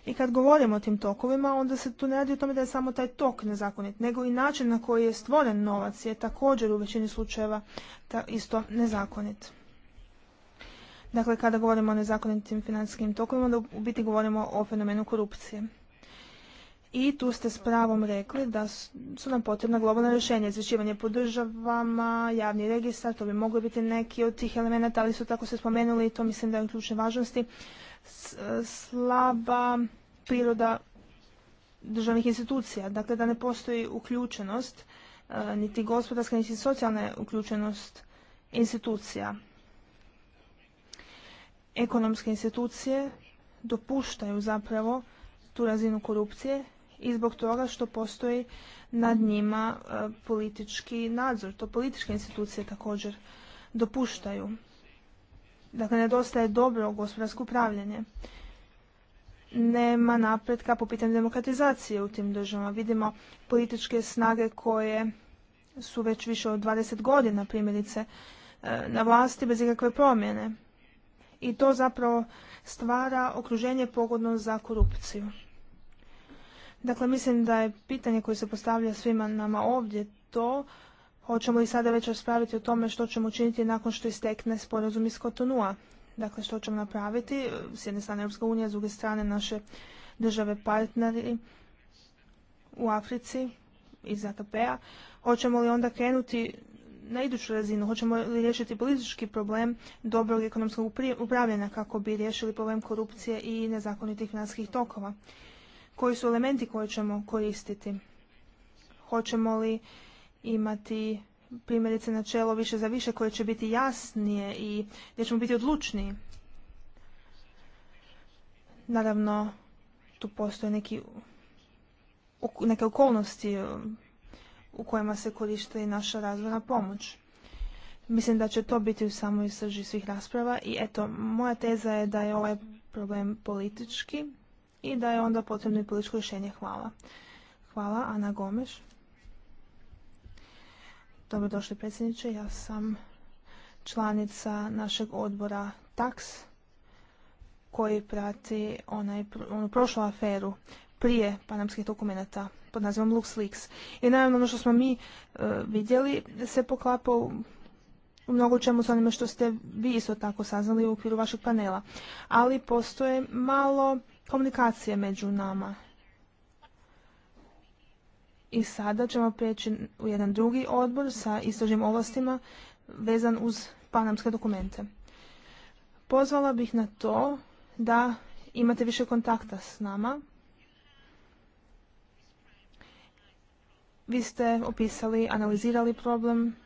I kad govorimo o tim tokovima, onda se tu ne radi o tome da je samo taj tok nezakonit, nego i način na koji je stvoren novac je također u većini slučajeva isto nezakonit. Dakle, kada govorimo o nezakonitim financijskim tokovima, onda u biti govorimo o fenomenu korupcije i tu ste s pravom rekli da su nam potrebna globalna rješenja, izvješćivanje po državama, javni registar, to bi mogli biti neki od tih elemenata, ali su tako se spomenuli i to mislim da je ključne važnosti. Slaba priroda državnih institucija, dakle da ne postoji uključenost, e, niti gospodarska, niti socijalna uključenost institucija. Ekonomske institucije dopuštaju zapravo tu razinu korupcije i zbog toga što postoji nad njima e, politički nadzor. To političke institucije također dopuštaju. Dakle, nedostaje dobro gospodarsko upravljanje. Nema napretka po pitanju demokratizacije u tim državama. Vidimo političke snage koje su već više od 20 godina primjerice e, na vlasti bez ikakve promjene. I to zapravo stvara okruženje pogodno za korupciju. Dakle, mislim da je pitanje koje se postavlja svima nama ovdje to hoćemo li sada već raspraviti o tome što ćemo učiniti nakon što istekne sporazum iz Kotonua. Dakle, što ćemo napraviti? S jedne strane Europska unija, s druge strane naše države partneri u Africi iz AKP-a. Hoćemo li onda krenuti na iduću razinu? Hoćemo li riješiti politički problem dobrog ekonomskog upravljanja kako bi riješili problem korupcije i nezakonitih finanskih tokova? koji su elementi koje ćemo koristiti. Hoćemo li imati primjerice načelo više za više koje će biti jasnije i gdje ćemo biti odlučniji. Naravno, tu postoje neki, neke okolnosti um, u kojima se koriste i naša razvojna pomoć. Mislim da će to biti u samoj srži svih rasprava i eto, moja teza je da je ovaj problem politički i da je onda potrebno i političko rješenje. Hvala. Hvala, Ana Gomeš. došli, predsjedniče, ja sam članica našeg odbora TAX koji prati onaj, onu prošlu aferu prije panamskih dokumenata, pod nazivom LuxLeaks. I naravno ono što smo mi e, vidjeli se poklapa u, mnogo čemu s onime što ste vi isto tako saznali u okviru vašeg panela. Ali postoje malo komunikacije među nama. I sada ćemo prijeći u jedan drugi odbor sa istražnim ovlastima vezan uz panamske dokumente. Pozvala bih na to da imate više kontakta s nama. Vi ste opisali, analizirali problem.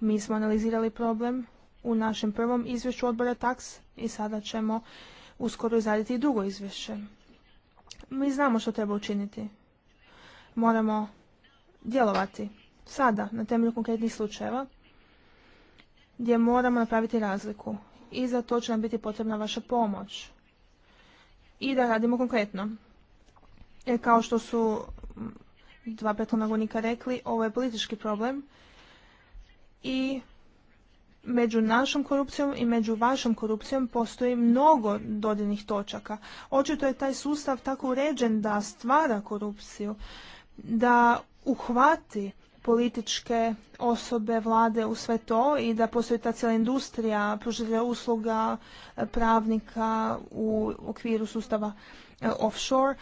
Mi smo analizirali problem u našem prvom izvješću odbora Taks i sada ćemo uskoro izraditi i drugo izvješće. Mi znamo što treba učiniti. Moramo djelovati sada na temelju konkretnih slučajeva gdje moramo napraviti razliku i za to će nam biti potrebna vaša pomoć i da radimo konkretno. Jer kao što su dva prethodna rekli, ovo je politički problem i među našom korupcijom i među vašom korupcijom postoji mnogo dodajnih točaka. Očito je taj sustav tako uređen da stvara korupciju, da uhvati političke osobe, vlade u sve to i da postoji ta cijela industrija pružitelja usluga pravnika u okviru sustava e, offshore,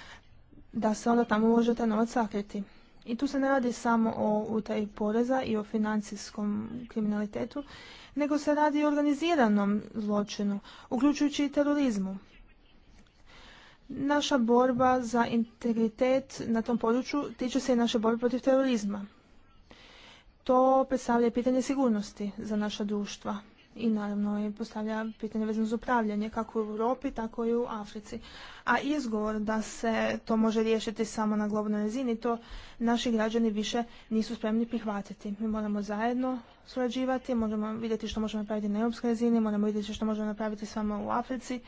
da se onda tamo može taj novac sakriti. I tu se ne radi samo o utaji poreza i o financijskom kriminalitetu, nego se radi o organiziranom zločinu, uključujući i terorizmu. Naša borba za integritet na tom području tiče se i naše borbe protiv terorizma. To predstavlja pitanje sigurnosti za naša društva i naravno je postavlja pitanje vezano za upravljanje kako u Europi, tako i u Africi. A izgovor da se to može riješiti samo na globalnoj razini, to naši građani više nisu spremni prihvatiti. Mi moramo zajedno surađivati, moramo vidjeti što možemo napraviti na europskoj razini, moramo vidjeti što možemo napraviti samo u Africi,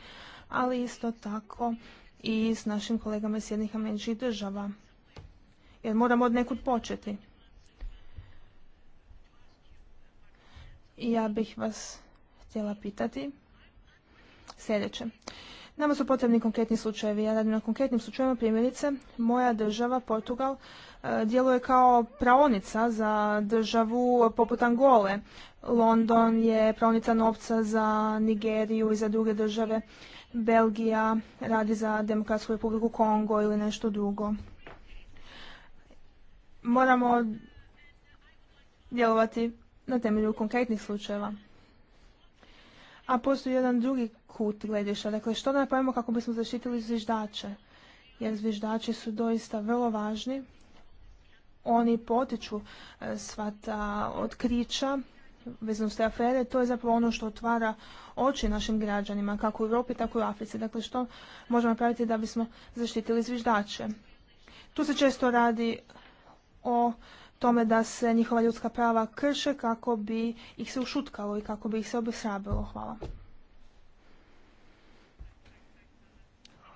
ali isto tako i s našim kolegama iz jednih američkih država. Jer moramo od nekud početi. ja bih vas htjela pitati sljedeće. Nama su potrebni konkretni slučajevi. Ja radim na konkretnim slučajevima primjerice. Moja država, Portugal, e, djeluje kao praonica za državu poput Angole. London je praonica novca za Nigeriju i za druge države. Belgija radi za Demokratsku republiku Kongo ili nešto drugo. Moramo djelovati na temelju konkretnih slučajeva. A postoji jedan drugi kut gledišta. Dakle, što da napravimo kako bismo zaštitili zviždače? Jer zviždači su doista vrlo važni. Oni potiču e, sva ta otkrića vezano s te afere. To je zapravo ono što otvara oči našim građanima, kako u Europi, tako i u Africi. Dakle, što možemo napraviti da bismo zaštitili zviždače? Tu se često radi o tome da se njihova ljudska prava krše kako bi ih se ušutkalo i kako bi ih se obisrabilo. Hvala.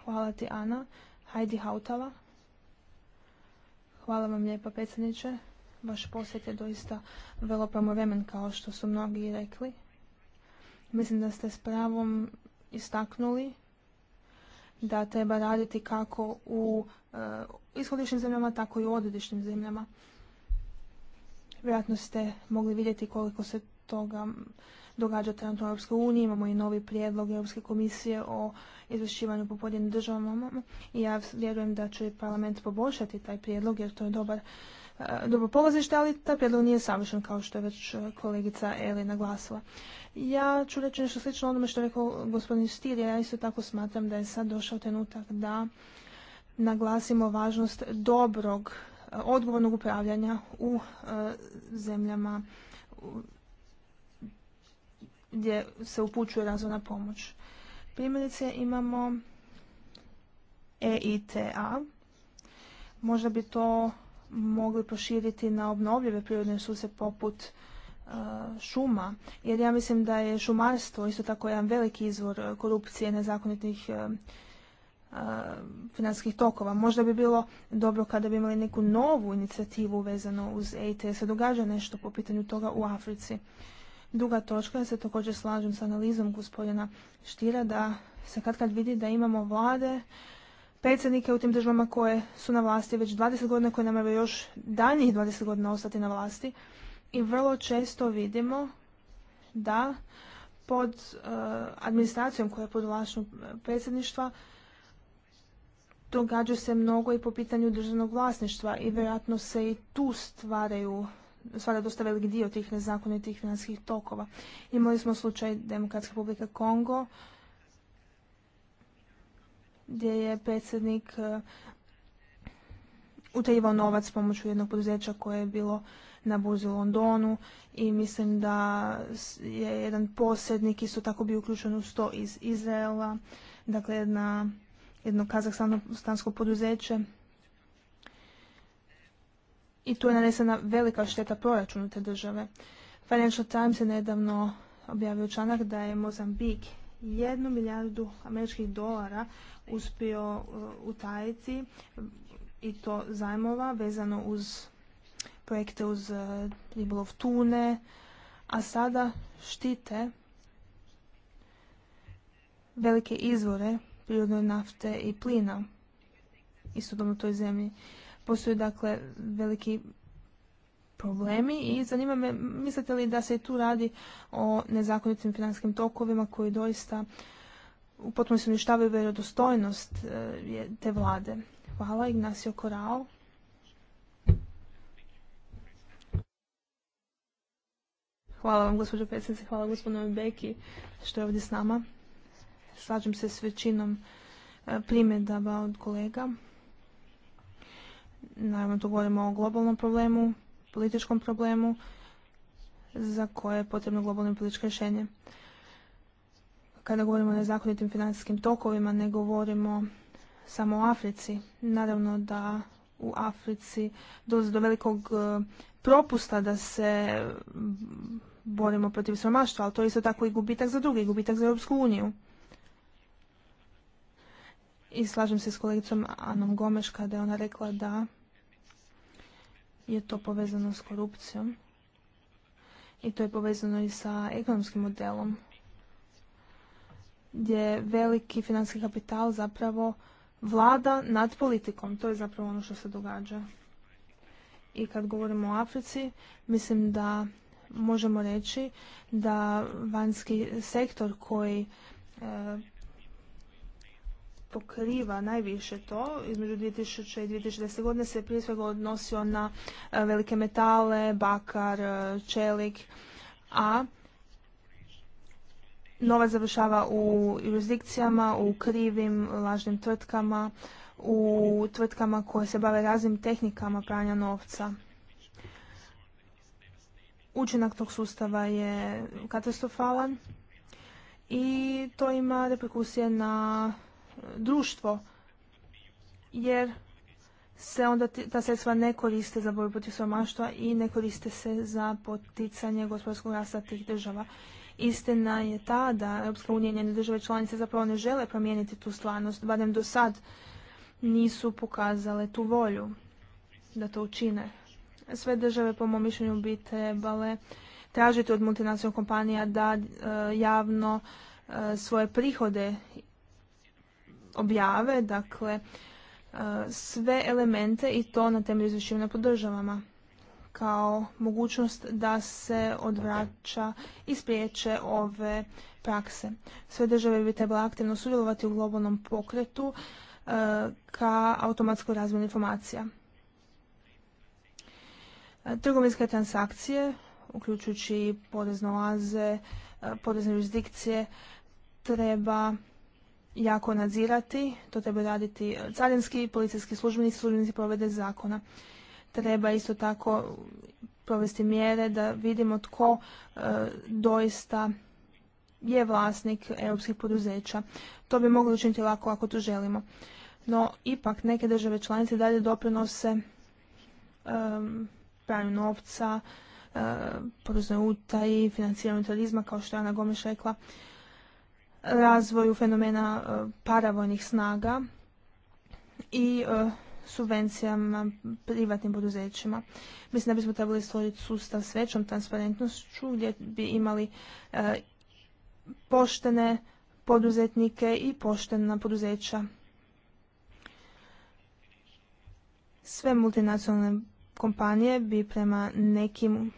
Hvala ti Ana. Hajdi Hautala. Hvala vam lijepa predsjedniče. Vaš posjet je doista vrlo kao što su mnogi rekli. Mislim da ste s pravom istaknuli da treba raditi kako u e, ishodišnjim zemljama, tako i u odredišnjim zemljama. Vjerojatno ste mogli vidjeti koliko se toga događa trenutno u Europskoj uniji. Imamo i novi prijedlog Europske komisije o izvješćivanju po pojedinim državama. I ja vjerujem da će parlament poboljšati taj prijedlog jer to je dobar e, dobro polazište, ali taj prijedlog nije savršen kao što je već kolegica Eli naglasila. Ja ću reći nešto slično onome što je rekao gospodin Stier, ja isto tako smatram da je sad došao trenutak da naglasimo važnost dobrog odgovornog upravljanja u e, zemljama gdje se upućuje razvojna pomoć. Primjerice imamo EITA. Možda bi to mogli proširiti na obnovljive prirodne suse poput e, šuma, jer ja mislim da je šumarstvo isto tako jedan veliki izvor e, korupcije nezakonitih financijskih tokova. Možda bi bilo dobro kada bi imali neku novu inicijativu vezano uz EIT, se događa nešto po pitanju toga u Africi. Druga točka, ja se također slažem s analizom gospodina Štira da se kad kad vidi da imamo vlade, predsjednike u tim državama koje su na vlasti već 20 godina, koje je još danjih 20 godina ostati na vlasti. I vrlo često vidimo da pod eh, administracijom koja je pod vlašću predsjedništva događa se mnogo i po pitanju državnog vlasništva i vjerojatno se i tu stvaraju stvara dosta velik dio tih nezakonitih financijskih tokova. Imali smo slučaj Demokratske republike Kongo, gdje je predsjednik e, utajivao novac pomoću jednog poduzeća koje je bilo na burzi u Londonu i mislim da je jedan posrednik isto tako bio uključen u sto iz Izraela. Dakle, jedna jedno kazahstansko poduzeće i tu je nanesena velika šteta proračunu te države. Financial Times je nedavno objavio članak da je Mozambik jednu milijardu američkih dolara uspio uh, utajiti i to zajmova vezano uz projekte uz uh, ribolov tune, a sada štite velike izvore prirodne nafte i plina istodobno toj zemlji. Postoje dakle veliki problemi i zanima me, mislite li da se i tu radi o nezakonitim financijskim tokovima koji doista u potpunosti uništavaju vjerodostojnost e, te vlade? Hvala, Ignacio Korao. Hvala vam, gospođo predsjednice, hvala gospodinu Beki što je ovdje s nama slažem se s većinom e, primjedaba od kolega. Naravno, tu govorimo o globalnom problemu, političkom problemu za koje je potrebno globalno političko rješenje. Kada govorimo o nezakonitim financijskim tokovima, ne govorimo samo o Africi. Naravno da u Africi dolazi do velikog e, propusta da se borimo protiv sromaštva, ali to je isto tako i gubitak za druge, gubitak za Europsku uniju. I slažem se s kolegicom Anom Gomeš kada je ona rekla da je to povezano s korupcijom. I to je povezano i sa ekonomskim modelom gdje veliki financijski kapital zapravo vlada nad politikom. To je zapravo ono što se događa. I kad govorimo o Africi, mislim da možemo reći da vanjski sektor koji e, pokriva najviše to, između 2006 i 2010 godine se prije svega odnosio na e, velike metale, bakar, e, čelik, a novac završava u jurisdikcijama, u krivim lažnim tvrtkama, u tvrtkama koje se bave raznim tehnikama pranja novca. Učinak tog sustava je katastrofalan i to ima reperkusije na društvo, jer se onda ta sredstva ne koriste za borbu protiv siromaštva i ne koriste se za poticanje gospodarskog rasta tih država. Istina je ta da Europska unija i njene države članice zapravo ne žele promijeniti tu stvarnost, barem do sad nisu pokazale tu volju da to učine. Sve države, po mom mišljenju, bi trebale tražiti od multinacionalnih kompanija da e, javno e, svoje prihode objave, dakle, e, sve elemente i to na temelju izvješćivanja po državama kao mogućnost da se odvraća i spriječe ove prakse. Sve države bi trebale aktivno sudjelovati u globalnom pokretu e, ka automatskoj razmjeni informacija. E, trgovinske transakcije, uključujući porezne oaze, porezne jurisdikcije, treba jako nadzirati, to treba raditi carinski i policijski službenici, službenici provede zakona. Treba isto tako provesti mjere da vidimo tko e, doista je vlasnik europskih poduzeća. To bi mogli učiniti lako ako to želimo. No, ipak neke države članice dalje doprinose e, pranju novca, e, utaji, financiranju terorizma, kao što je Ana Gomes rekla razvoju fenomena e, paravojnih snaga i e, subvencijama privatnim poduzećima. Mislim da bismo trebali stvoriti sustav s većom transparentnošću gdje bi imali e, poštene poduzetnike i poštena poduzeća. Sve multinacionalne kompanije bi prema nekim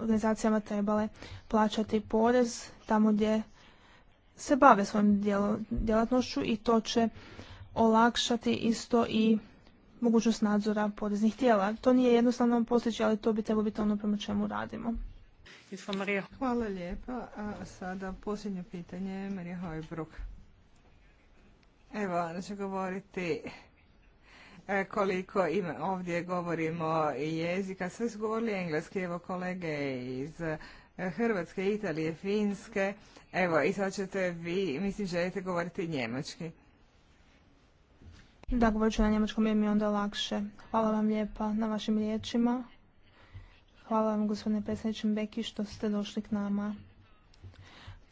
organizacijama trebale plaćati porez tamo gdje se bave svojom djelatnošću i to će olakšati isto i mogućnost nadzora poreznih tijela. To nije jednostavno postići, ali to bi trebalo biti ono prema čemu radimo. Hvala lijepa. A sada posljednje pitanje, Marija Hojbruk. Evo, ona će govoriti e, koliko ima. ovdje govorimo jezika. Sve su govorili engleski. Evo kolege iz Hrvatske, Italije, Finske. Evo, i sad ćete vi, mislim, želite govoriti njemački. Da, govorit ću na njemačkom je mi onda lakše. Hvala vam lijepa na vašim riječima. Hvala vam, gospodine predsjedniče Beki, što ste došli k nama.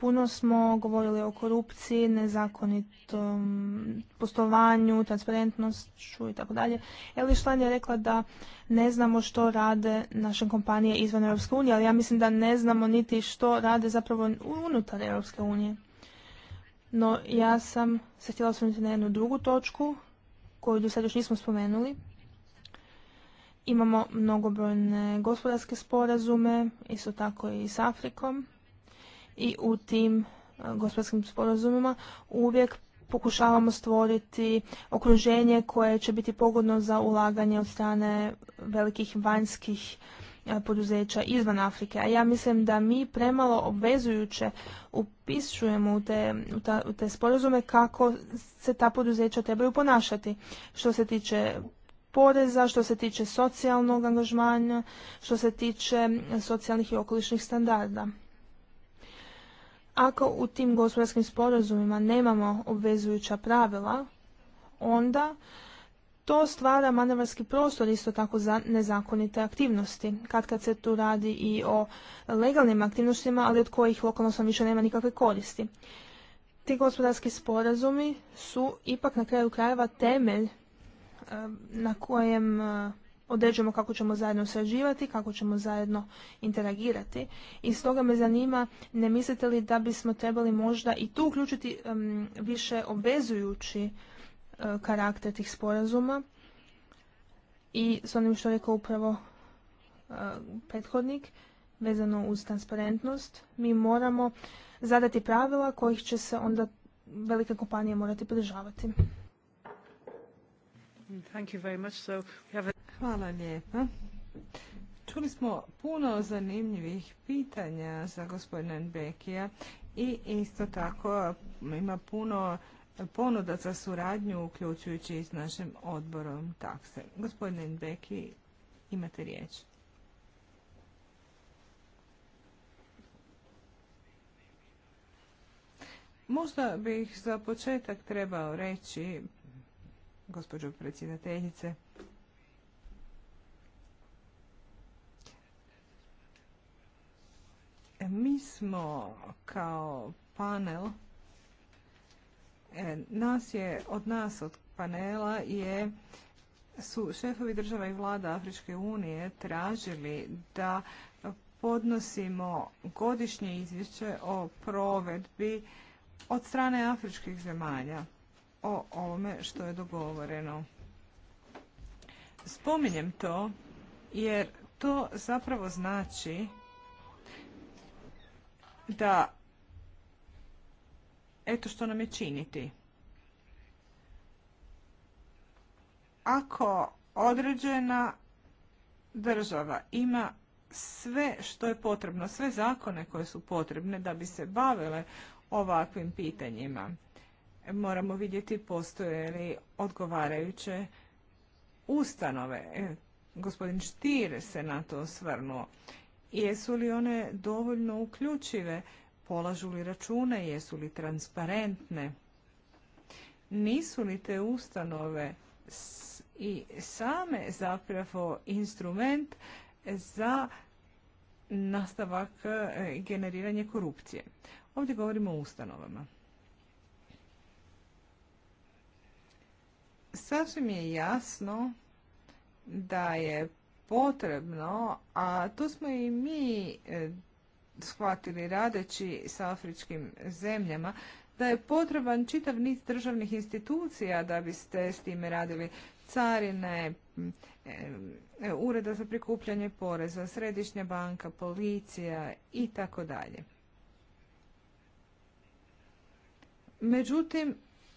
Puno smo govorili o korupciji, nezakonitom poslovanju, transparentnošću i tako dalje. Eli Šlan je rekla da ne znamo što rade naše kompanije izvan Europske unije, ali ja mislim da ne znamo niti što rade zapravo unutar Europske unije. No ja sam se htjela osvrnuti na jednu drugu točku koju do sad još nismo spomenuli. Imamo mnogobrojne gospodarske sporazume, isto tako i s Afrikom i u tim e, gospodarskim sporazumima uvijek pokušavamo stvoriti okruženje koje će biti pogodno za ulaganje od strane velikih vanjskih e, poduzeća izvan Afrike. A ja mislim da mi premalo obvezujuće upisujemo u te, te sporazume kako se ta poduzeća trebaju ponašati. Što se tiče poreza, što se tiče socijalnog angažmanja, što se tiče socijalnih i okolišnih standarda. Ako u tim gospodarskim sporazumima nemamo obvezujuća pravila, onda to stvara manevarski prostor isto tako za nezakonite aktivnosti. Kad kad se tu radi i o legalnim aktivnostima, ali od kojih lokalno sam više nema nikakve koristi. Ti gospodarski sporazumi su ipak na kraju krajeva temelj eh, na kojem eh, određujemo kako ćemo zajedno srađivati, kako ćemo zajedno interagirati. I stoga me zanima, ne mislite li da bismo trebali možda i tu uključiti više obvezujući e, karakter tih sporazuma i s onim što je rekao upravo e, prethodnik, vezano uz transparentnost, mi moramo zadati pravila kojih će se onda velike kompanije morati podržavati. Thank you very much. So we have Hvala lijepa. Čuli smo puno zanimljivih pitanja za gospodina Nbekija i isto tako ima puno ponuda za suradnju uključujući i s našim odborom takse. Gospodine Nbeki imate riječ. Možda bih za početak trebao reći, gospođo predsjedateljice, smo kao panel, e, nas je, od nas, od panela je su šefovi država i vlada Afričke unije tražili da podnosimo godišnje izvješće o provedbi od strane afričkih zemalja o ovome što je dogovoreno. Spominjem to jer to zapravo znači da eto što nam je činiti. Ako određena država ima sve što je potrebno, sve zakone koje su potrebne da bi se bavile ovakvim pitanjima, moramo vidjeti postoje li odgovarajuće ustanove. E, gospodin Štir se na to osvrnuo. Jesu li one dovoljno uključive? Polažu li račune? Jesu li transparentne? Nisu li te ustanove i same zapravo instrument za nastavak e, generiranje korupcije? Ovdje govorimo o ustanovama. Sasvim je jasno da je potrebno, a to smo i mi e, shvatili radeći sa afričkim zemljama, da je potreban čitav niz državnih institucija da biste s time radili carine, mm, e, ureda za prikupljanje poreza, središnja banka, policija i tako dalje. Međutim,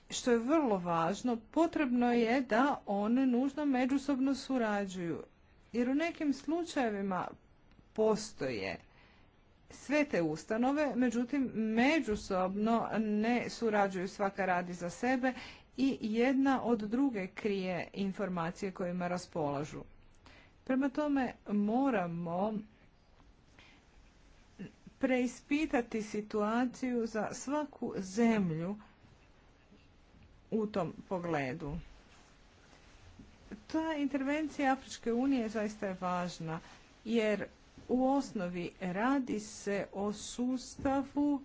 što je vrlo važno, potrebno je da one nužno međusobno surađuju jer u nekim slučajevima postoje sve te ustanove, međutim međusobno ne surađuju, svaka radi za sebe i jedna od druge krije informacije kojima raspolažu. Prema tome moramo preispitati situaciju za svaku zemlju u tom pogledu. Ta intervencija Afričke unije zaista je važna jer u osnovi radi se o sustavu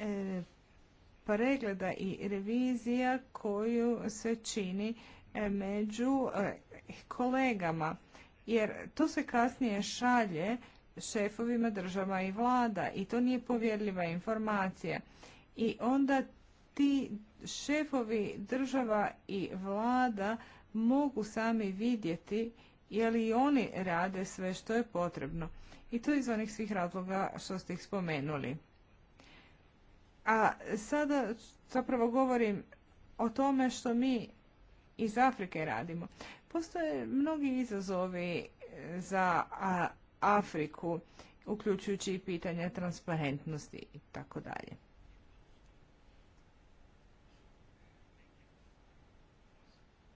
e, pregleda i revizija koju se čini e, među e, kolegama. Jer to se kasnije šalje šefovima država i vlada i to nije povjerljiva informacija. I onda ti šefovi država i vlada mogu sami vidjeti je li i oni rade sve što je potrebno. I to iz onih svih razloga što ste ih spomenuli. A sada zapravo govorim o tome što mi iz Afrike radimo. Postoje mnogi izazovi e, za Afriku, uključujući i pitanje transparentnosti i tako dalje.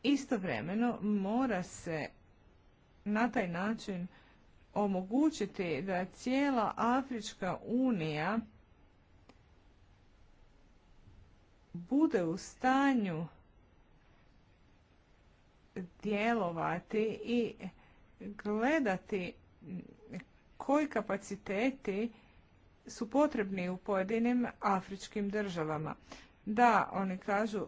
Istovremeno mora se na taj način omogućiti da cijela Afrička unija bude u stanju djelovati i gledati koji kapaciteti su potrebni u pojedinim afričkim državama. Da, oni kažu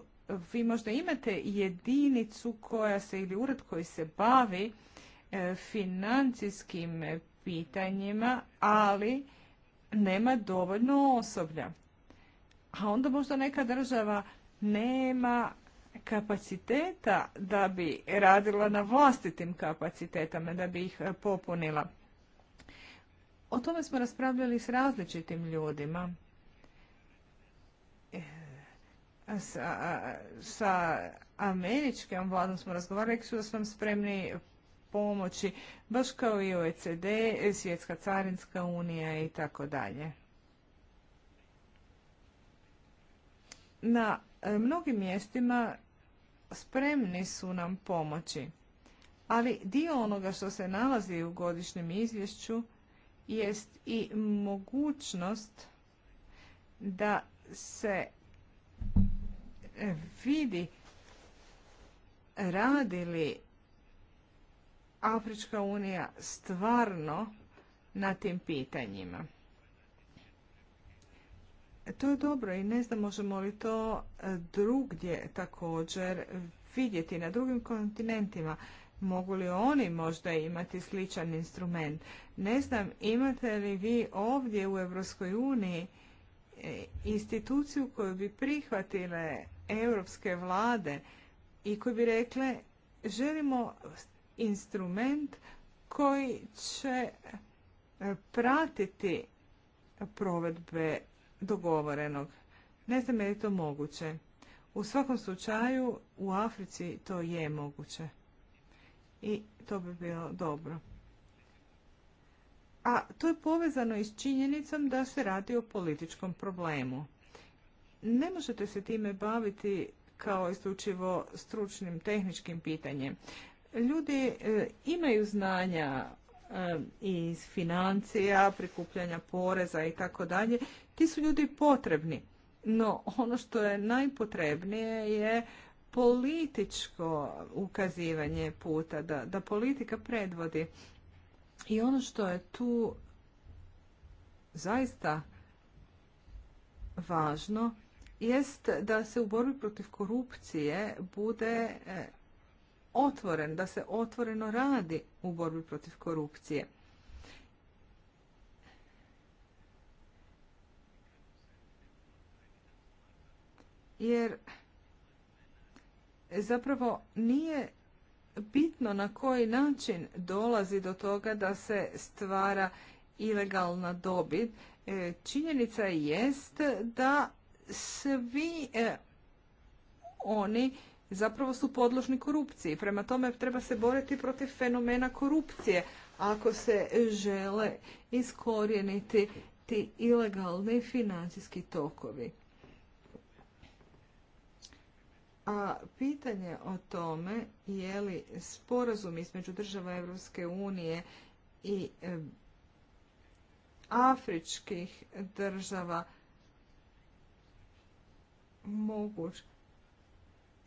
vi možda imate jedinicu koja se ili ured koji se bavi e, financijskim pitanjima, ali nema dovoljno osoblja. A onda možda neka država nema kapaciteta da bi radila na vlastitim kapacitetama, da bi ih e, popunila. O tome smo raspravljali s različitim ljudima sa, američkom vladom smo razgovarali, rekli su da su spremni pomoći, baš kao i OECD, Svjetska carinska unija i tako dalje. Na e, mnogim mjestima spremni su nam pomoći, ali dio onoga što se nalazi u godišnjem izvješću jest i mogućnost da se vidi radi li Afrička unija stvarno na tim pitanjima. To je dobro i ne znam možemo li to e, drugdje također vidjeti na drugim kontinentima. Mogu li oni možda imati sličan instrument? Ne znam, imate li vi ovdje u EU uniji e, instituciju koju bi prihvatile europske vlade i koji bi rekle želimo instrument koji će e, pratiti provedbe dogovorenog. Ne znam je li to moguće. U svakom slučaju u Africi to je moguće. I to bi bilo dobro. A to je povezano i s činjenicom da se radi o političkom problemu ne možete se time baviti kao isključivo stručnim tehničkim pitanjem. Ljudi e, imaju znanja e, iz financija, prikupljanja poreza i tako dalje. Ti su ljudi potrebni. No ono što je najpotrebnije je političko ukazivanje puta, da, da politika predvodi. I ono što je tu zaista važno jest da se u borbi protiv korupcije bude e, otvoren, da se otvoreno radi u borbi protiv korupcije. Jer zapravo nije bitno na koji način dolazi do toga da se stvara ilegalna dobit. E, činjenica jest da svi e, oni zapravo su podložni korupciji. Prema tome treba se boriti protiv fenomena korupcije ako se žele iskorijeniti ti ilegalni financijski tokovi. A pitanje o tome je li sporazum između država Europske unije i e, afričkih država moguć.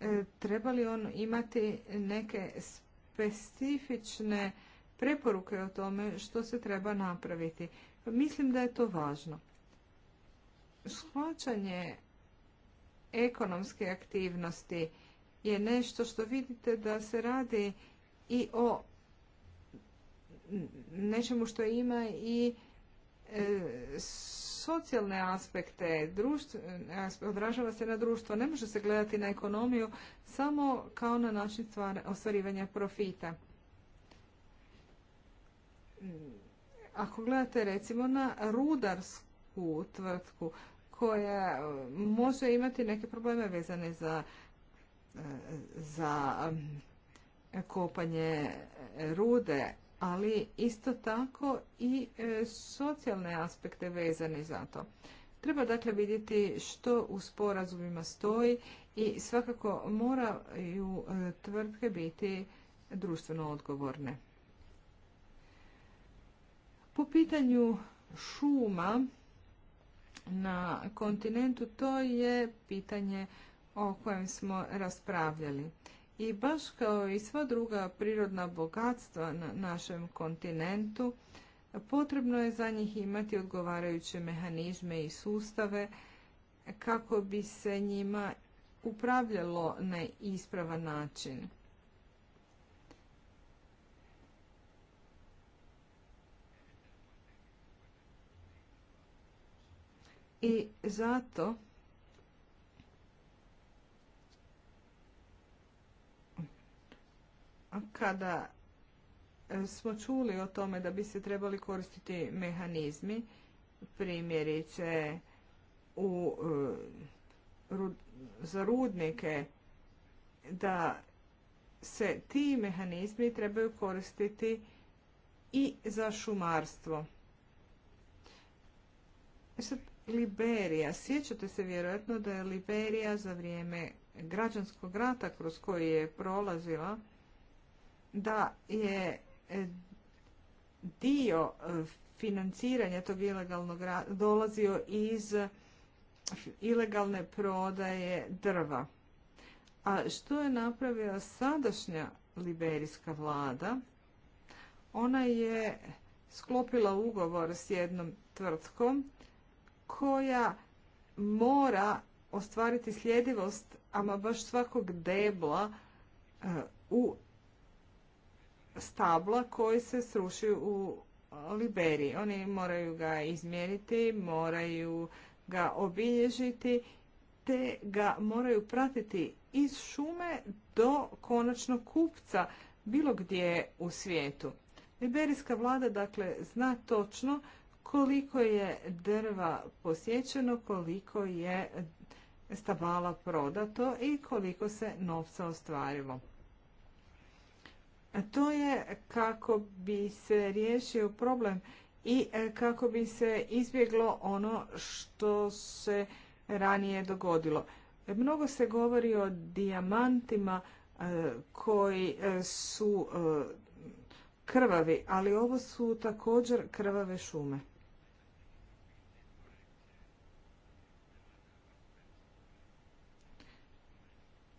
E, treba li on imati neke specifične preporuke o tome što se treba napraviti? Pa mislim da je to važno. Shvaćanje ekonomske aktivnosti je nešto što vidite da se radi i o nečemu što ima i E, socijalne aspekte, e, odražava se na društvo. Ne može se gledati na ekonomiju samo kao na način stvar, ostvarivanja profita. Ako gledate recimo na rudarsku tvrtku koja e, može imati neke probleme vezane za, za kopanje rude, ali isto tako i e, socijalne aspekte vezane za to. Treba dakle vidjeti što u sporazumima stoji i svakako moraju e, tvrtke biti društveno odgovorne. Po pitanju šuma na kontinentu to je pitanje o kojem smo raspravljali i baš kao i sva druga prirodna bogatstva na našem kontinentu, potrebno je za njih imati odgovarajuće mehanizme i sustave kako bi se njima upravljalo na ispravan način. I zato kada e, smo čuli o tome da bi se trebali koristiti mehanizmi, primjerice u, e, za rudnike, da se ti mehanizmi trebaju koristiti i za šumarstvo. E sad, Liberija. Sjećate se vjerojatno da je Liberija za vrijeme građanskog rata kroz koji je prolazila da je e, dio e, financiranja tog ilegalnog dolazio iz ilegalne prodaje drva. A što je napravila sadašnja liberijska vlada? Ona je sklopila ugovor s jednom tvrtkom koja mora ostvariti sljedivost ama baš svakog debla e, u stabla koji se sruši u Liberiji. Oni moraju ga izmjeriti, moraju ga obilježiti, te ga moraju pratiti iz šume do konačnog kupca bilo gdje u svijetu. Liberijska vlada dakle zna točno koliko je drva posjećeno, koliko je stabala prodato i koliko se novca ostvarilo. To je kako bi se riješio problem i e, kako bi se izbjeglo ono što se ranije dogodilo. Mnogo se govori o dijamantima e, koji e, su krvavi, ali ovo su također krvave šume.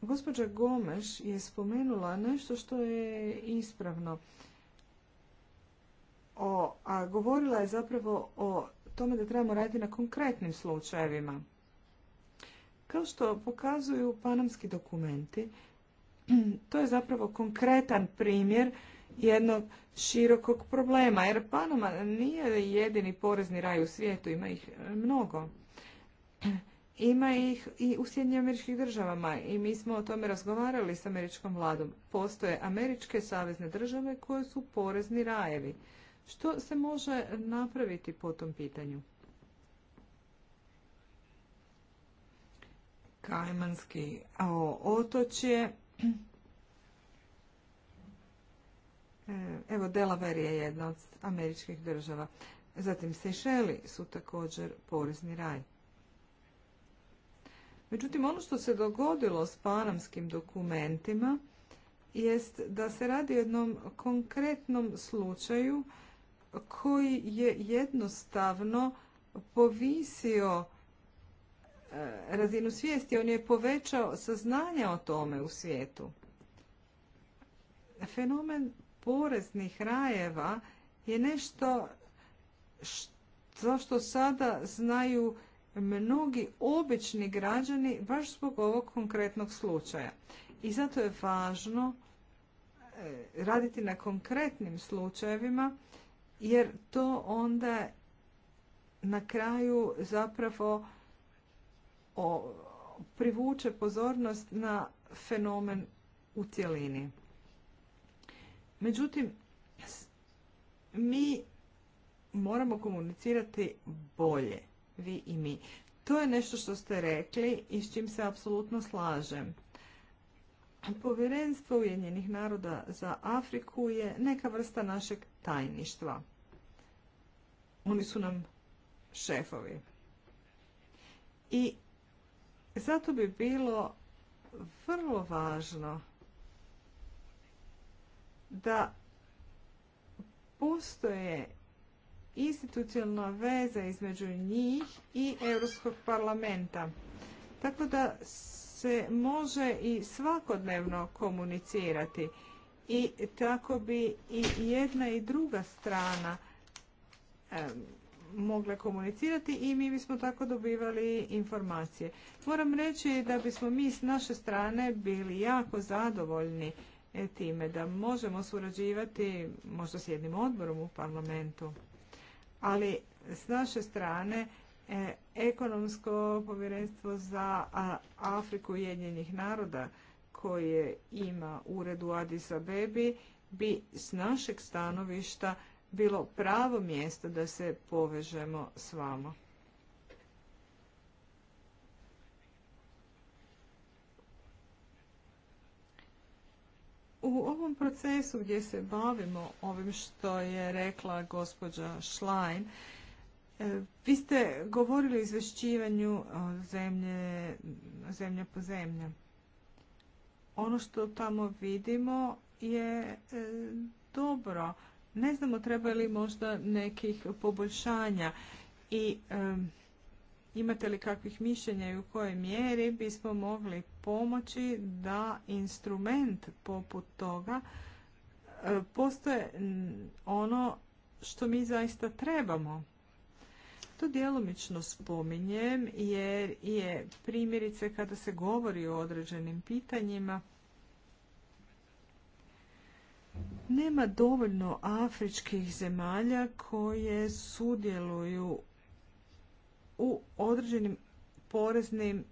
Gospođa Gomeš je spomenula nešto što je ispravno. O, a govorila je zapravo o tome da trebamo raditi na konkretnim slučajevima. Kao što pokazuju panamski dokumenti, to je zapravo konkretan primjer jednog širokog problema, jer Panama nije jedini porezni raj u svijetu, ima ih mnogo. Ima ih i u Sjedinjenim američkih državama i mi smo o tome razgovarali s američkom vladom. Postoje američke savezne države koje su porezni rajevi. Što se može napraviti po tom pitanju? Kajmanski otočje. Evo, Delaware je jedna od američkih država. Zatim, Sešeli su također porezni raj. Međutim, ono što se dogodilo s panamskim dokumentima jest da se radi o jednom konkretnom slučaju koji je jednostavno povisio e, razinu svijesti, on je povećao saznanja o tome u svijetu. Fenomen poreznih rajeva je nešto što, što sada znaju mnogi obični građani baš zbog ovog konkretnog slučaja. I zato je važno e, raditi na konkretnim slučajevima jer to onda na kraju zapravo privuče pozornost na fenomen u cjelini. Međutim, mi moramo komunicirati bolje vi i mi. To je nešto što ste rekli i s čim se apsolutno slažem. Povjerenstvo Ujedinjenih naroda za Afriku je neka vrsta našeg tajništva. Oni su nam šefovi. I zato bi bilo vrlo važno da postoje institucionalna veza između njih i Europskog parlamenta. Tako da se može i svakodnevno komunicirati i tako bi i jedna i druga strana mogle komunicirati i mi bismo tako dobivali informacije. Moram reći da bismo mi s naše strane bili jako zadovoljni e, time da možemo surađivati možda s jednim odborom u parlamentu ali s naše strane e, ekonomsko povjerenstvo za Afriku Ujedinjenih naroda koje ima ured u Addis Abebi bi s našeg stanovišta bilo pravo mjesto da se povežemo s vama. U ovom procesu gdje se bavimo ovim što je rekla gospođa Schlein, e, vi ste govorili o izvješćivanju e, zemlje, zemlja po zemlja. Ono što tamo vidimo je e, dobro. Ne znamo treba li možda nekih poboljšanja i Imate li kakvih mišljenja i u kojoj mjeri bismo mogli pomoći da instrument poput toga e, postoje ono što mi zaista trebamo? To djelomično spominjem jer je primjerice kada se govori o određenim pitanjima nema dovoljno afričkih zemalja koje sudjeluju u određenim poreznim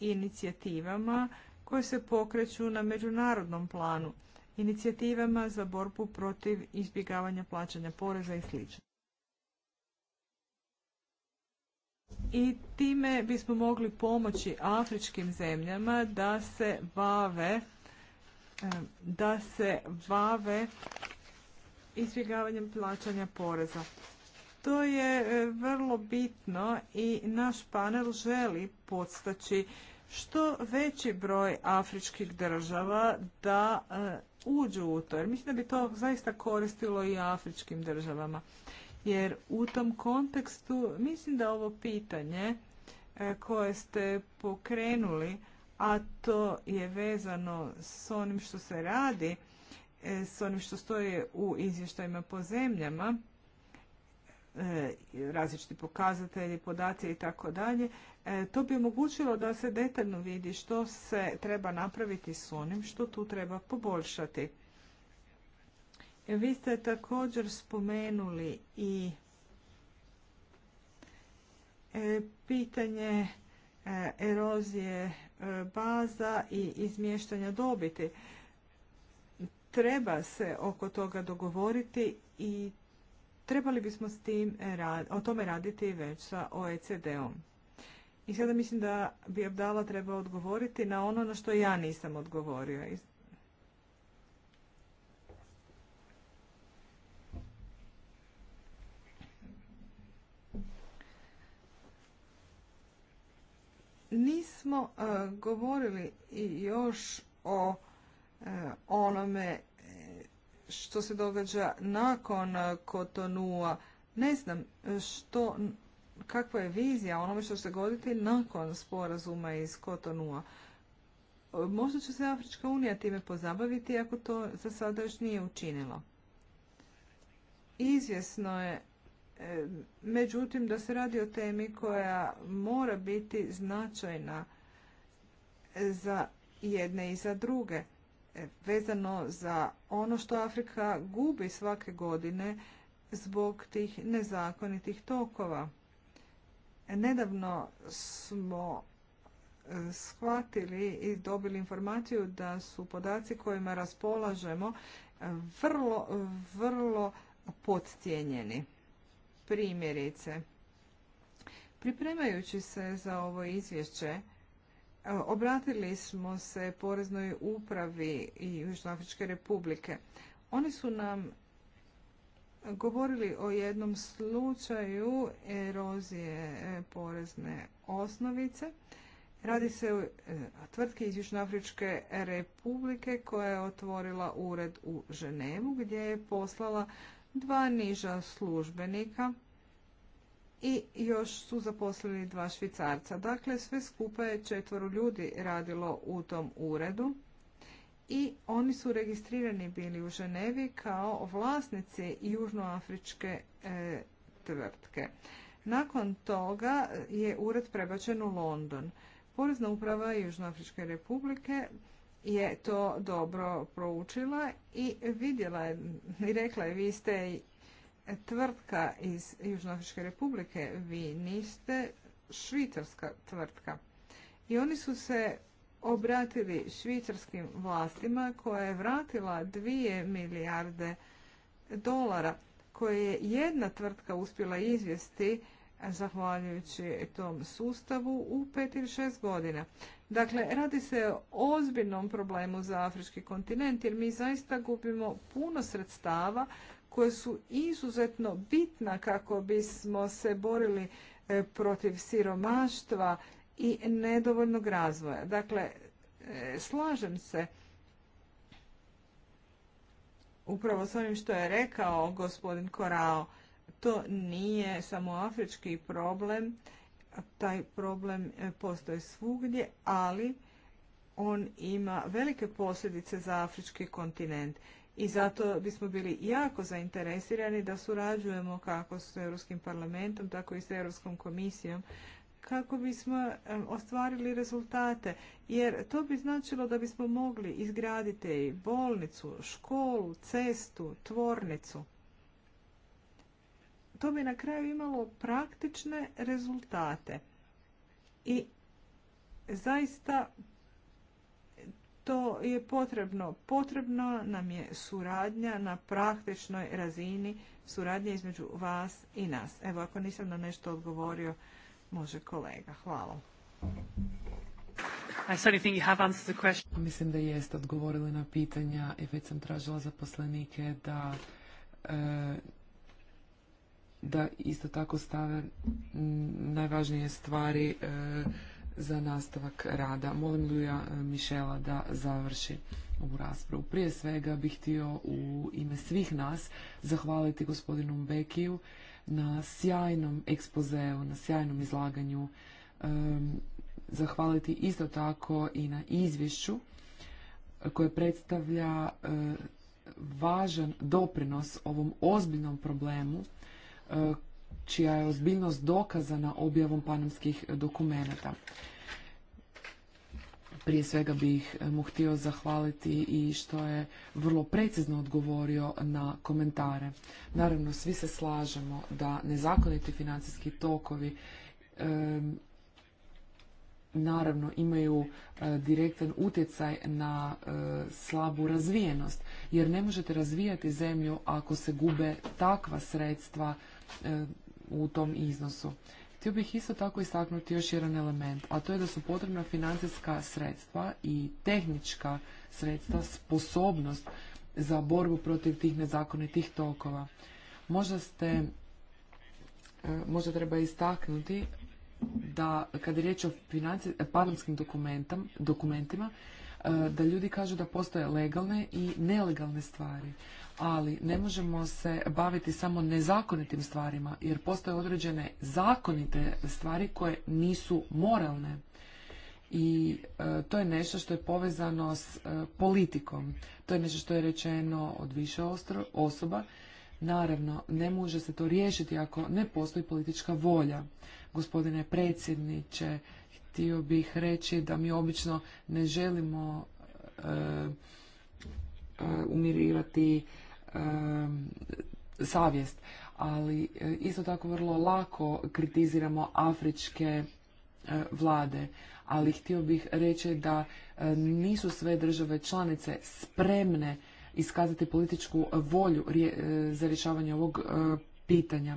inicijativama koje se pokreću na međunarodnom planu, inicijativama za borbu protiv izbjegavanja plaćanja poreza i sl. I time bismo mogli pomoći afričkim zemljama da se bave da se bave izbjegavanjem plaćanja poreza. To je e, vrlo bitno i naš panel želi podstaći što veći broj afričkih država da e, uđu u to. Jer mislim da bi to zaista koristilo i afričkim državama. Jer u tom kontekstu mislim da ovo pitanje e, koje ste pokrenuli, a to je vezano s onim što se radi, s onim što stoje u izvještajima po zemljama, E, različiti pokazatelji, podaci i tako dalje. E, to bi omogućilo da se detaljno vidi što se treba napraviti s onim što tu treba poboljšati. E, vi ste također spomenuli i pitanje erozije baza i izmještanja dobiti. Treba se oko toga dogovoriti i Trebali bismo s tim, o tome raditi već sa OECD-om. I sada mislim da bi Abdala treba odgovoriti na ono na što ja nisam odgovorio. Nismo e, govorili i još o e, onome što se događa nakon Kotonua. Ne znam što, kakva je vizija onome što se goditi nakon sporazuma iz Kotonua. Možda će se Afrička unija time pozabaviti ako to za sada još nije učinilo. Izvjesno je, e, međutim, da se radi o temi koja mora biti značajna za jedne i za druge vezano za ono što Afrika gubi svake godine zbog tih nezakonitih tokova. Nedavno smo e, shvatili i dobili informaciju da su podaci kojima raspolažemo e, vrlo, vrlo podcijenjeni. Primjerice, pripremajući se za ovo izvješće, Obratili smo se Poreznoj upravi i Južnoafričke republike. Oni su nam govorili o jednom slučaju erozije e, porezne osnovice. Radi se o e, tvrtki iz Južnoafričke republike koja je otvorila ured u Ženevu gdje je poslala dva niža službenika i još su zaposlili dva švicarca. Dakle, sve skupa je četvoru ljudi radilo u tom uredu i oni su registrirani bili u Ženevi kao vlasnici južnoafričke e, tvrtke. Nakon toga je ured prebačen u London. Porezna uprava Južnoafričke republike je to dobro proučila i vidjela je i rekla je vi ste tvrtka iz Južnoafričke republike, vi niste švicarska tvrtka. I oni su se obratili švicarskim vlastima koja je vratila 2 milijarde dolara koje je jedna tvrtka uspjela izvesti zahvaljujući tom sustavu u pet ili šest godina. Dakle, radi se o ozbiljnom problemu za afrički kontinent jer mi zaista gubimo puno sredstava koje su izuzetno bitna kako bismo se borili e, protiv siromaštva i nedovoljnog razvoja. Dakle, e, slažem se upravo s onim što je rekao gospodin Korao. To nije samo afrički problem, taj problem e, postoji svugdje, ali on ima velike posljedice za afrički kontinent i zato bismo bili jako zainteresirani da surađujemo kako s Europskim parlamentom, tako i s Europskom komisijom kako bismo ostvarili rezultate. Jer to bi značilo da bismo mogli izgraditi bolnicu, školu, cestu, tvornicu. To bi na kraju imalo praktične rezultate. I zaista to je potrebno. Potrebno nam je suradnja na praktičnoj razini, suradnja između vas i nas. Evo, ako nisam na nešto odgovorio, može kolega. Hvala. I Mislim da jeste odgovorili na pitanja i već sam tražila zaposlenike da e, da isto tako stave najvažnije stvari e, za nastavak rada. Molim Luja e, Mišela da završi ovu raspravu. Prije svega bih htio u ime svih nas zahvaliti gospodinu Bekiju na sjajnom ekspozeu, na sjajnom izlaganju. E, zahvaliti isto tako i na izvješću koje predstavlja e, važan doprinos ovom ozbiljnom problemu čija je ozbiljnost dokazana objavom panamskih dokumenata. Prije svega bih eh, mu htio zahvaliti i što je vrlo precizno odgovorio na komentare. Naravno, svi se slažemo da nezakoniti financijski tokovi naravno imaju eh, direktan utjecaj na eh, slabu razvijenost, jer ne možete razvijati zemlju ako se gube takva sredstva u tom iznosu. Htio bih isto tako istaknuti još jedan element, a to je da su potrebna financijska sredstva i tehnička sredstva, sposobnost za borbu protiv tih nezakonitih tokova. Možda ste, e, možda treba istaknuti da kada je riječ o e, parlamskim dokumentima, E, da ljudi kažu da postoje legalne i nelegalne stvari, ali ne možemo se baviti samo nezakonitim stvarima jer postoje određene zakonite stvari koje nisu moralne. I e, to je nešto što je povezano s e, politikom. To je nešto što je rečeno od više osoba. Naravno, ne može se to riješiti ako ne postoji politička volja. Gospodine predsjedniče, htio bih reći da mi obično ne želimo e, e, umirirati e, savjest, ali isto tako vrlo lako kritiziramo afričke vlade, ali htio bih reći da nisu sve države članice spremne iskazati političku volju za rješavanje ovog pitanja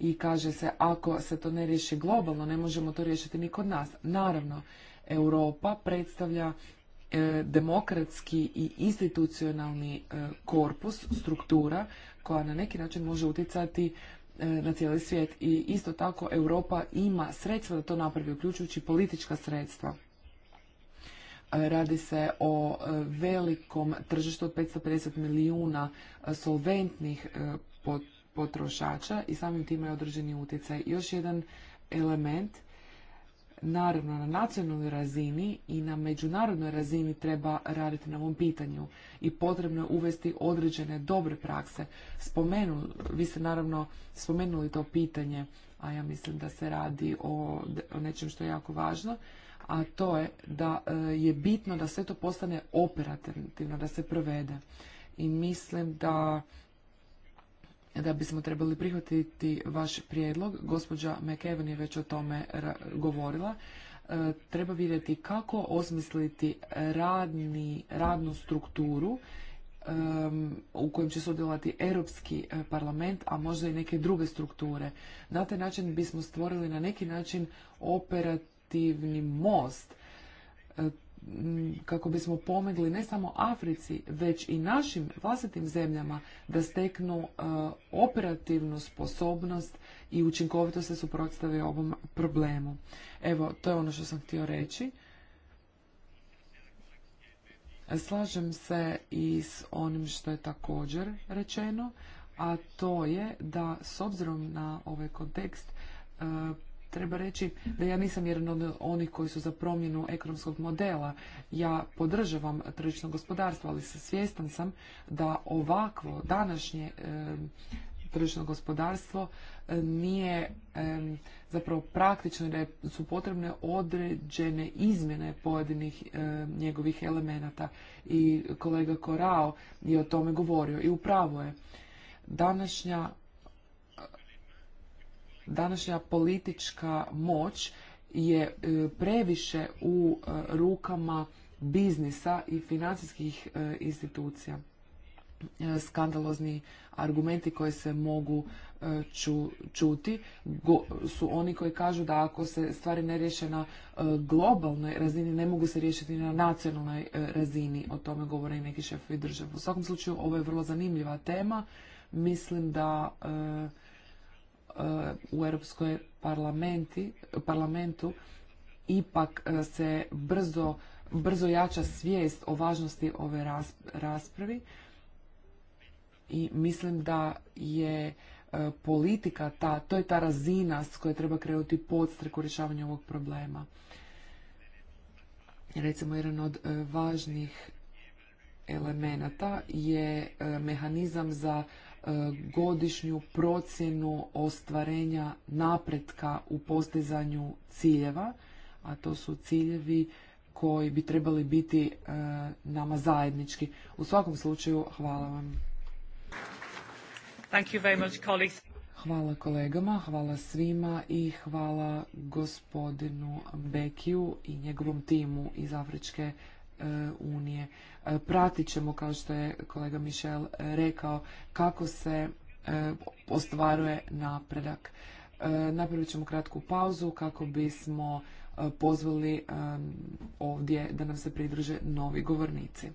i kaže se ako se to ne riješi globalno, ne možemo to riješiti ni kod nas. Naravno, Europa predstavlja e, demokratski i institucionalni e, korpus, struktura koja na neki način može utjecati e, na cijeli svijet i isto tako Europa ima sredstva da to napravi, uključujući politička sredstva. Radi se o velikom tržištu od 550 milijuna solventnih pod potrošača i samim time je određeni utjecaj. Još jedan element, naravno na nacionalnoj razini i na međunarodnoj razini treba raditi na ovom pitanju i potrebno je uvesti određene dobre prakse. vi ste naravno spomenuli to pitanje, a ja mislim da se radi o nečem što je jako važno, a to je da e, je bitno da sve to postane operativno, da se provede. I mislim da da bismo trebali prihvatiti vaš prijedlog. Gospođa McEwen je već o tome govorila. E, treba vidjeti kako osmisliti radni, radnu strukturu u kojem će sudjelovati Europski e, parlament, a možda i neke druge strukture. Na taj način bismo stvorili na neki način operativni most. E, kako bismo pomegli ne samo Africi, već i našim vlastitim zemljama da steknu e, operativnu sposobnost i učinkovito se suprotstave ovom problemu. Evo, to je ono što sam htio reći. Slažem se i s onim što je također rečeno, a to je da s obzirom na ovaj kontekst e, Treba reći da ja nisam jedan od onih koji su za promjenu ekonomskog modela. Ja podržavam tržišno gospodarstvo, ali svjestan sam da ovakvo današnje tržišno gospodarstvo e, nije zapravo praktično da su potrebne određene izmjene pojedinih njegovih elemenata i kolega Korao je o tome govorio i upravo je današnja današnja politička moć je e, previše u e, rukama biznisa i financijskih e, institucija. Skandalozni argumenti koji se mogu čuti su oni koji kažu da ako se stvari ne riješe na globalnoj razini, ne mogu se riješiti na nacionalnoj razini. O tome govore i neki šefovi države. U svakom slučaju, ovo je vrlo zanimljiva tema. Mislim da Eh, u Europskoj parlamentu ipak eh, se brzo, brzo jača svijest o važnosti ove raspravi i mislim da je eh, politika ta, to je ta razina s koje treba krenuti podstrek u rješavanju ovog problema. Recimo, jedan od važnih elemenata je mehanizam za E, godišnju procjenu ostvarenja napretka u postizanju ciljeva, a to su ciljevi koji bi trebali biti e, nama zajednički. U svakom slučaju, hvala vam. Hvala kolegama, hvala svima i hvala gospodinu Bekiju i njegovom timu iz Afričke unije. E, pratit ćemo, kao što je kolega Mišel rekao, kako se e, ostvaruje napredak. E, napravit ćemo kratku pauzu kako bismo pozvali ovdje da nam se pridruže novi govornici.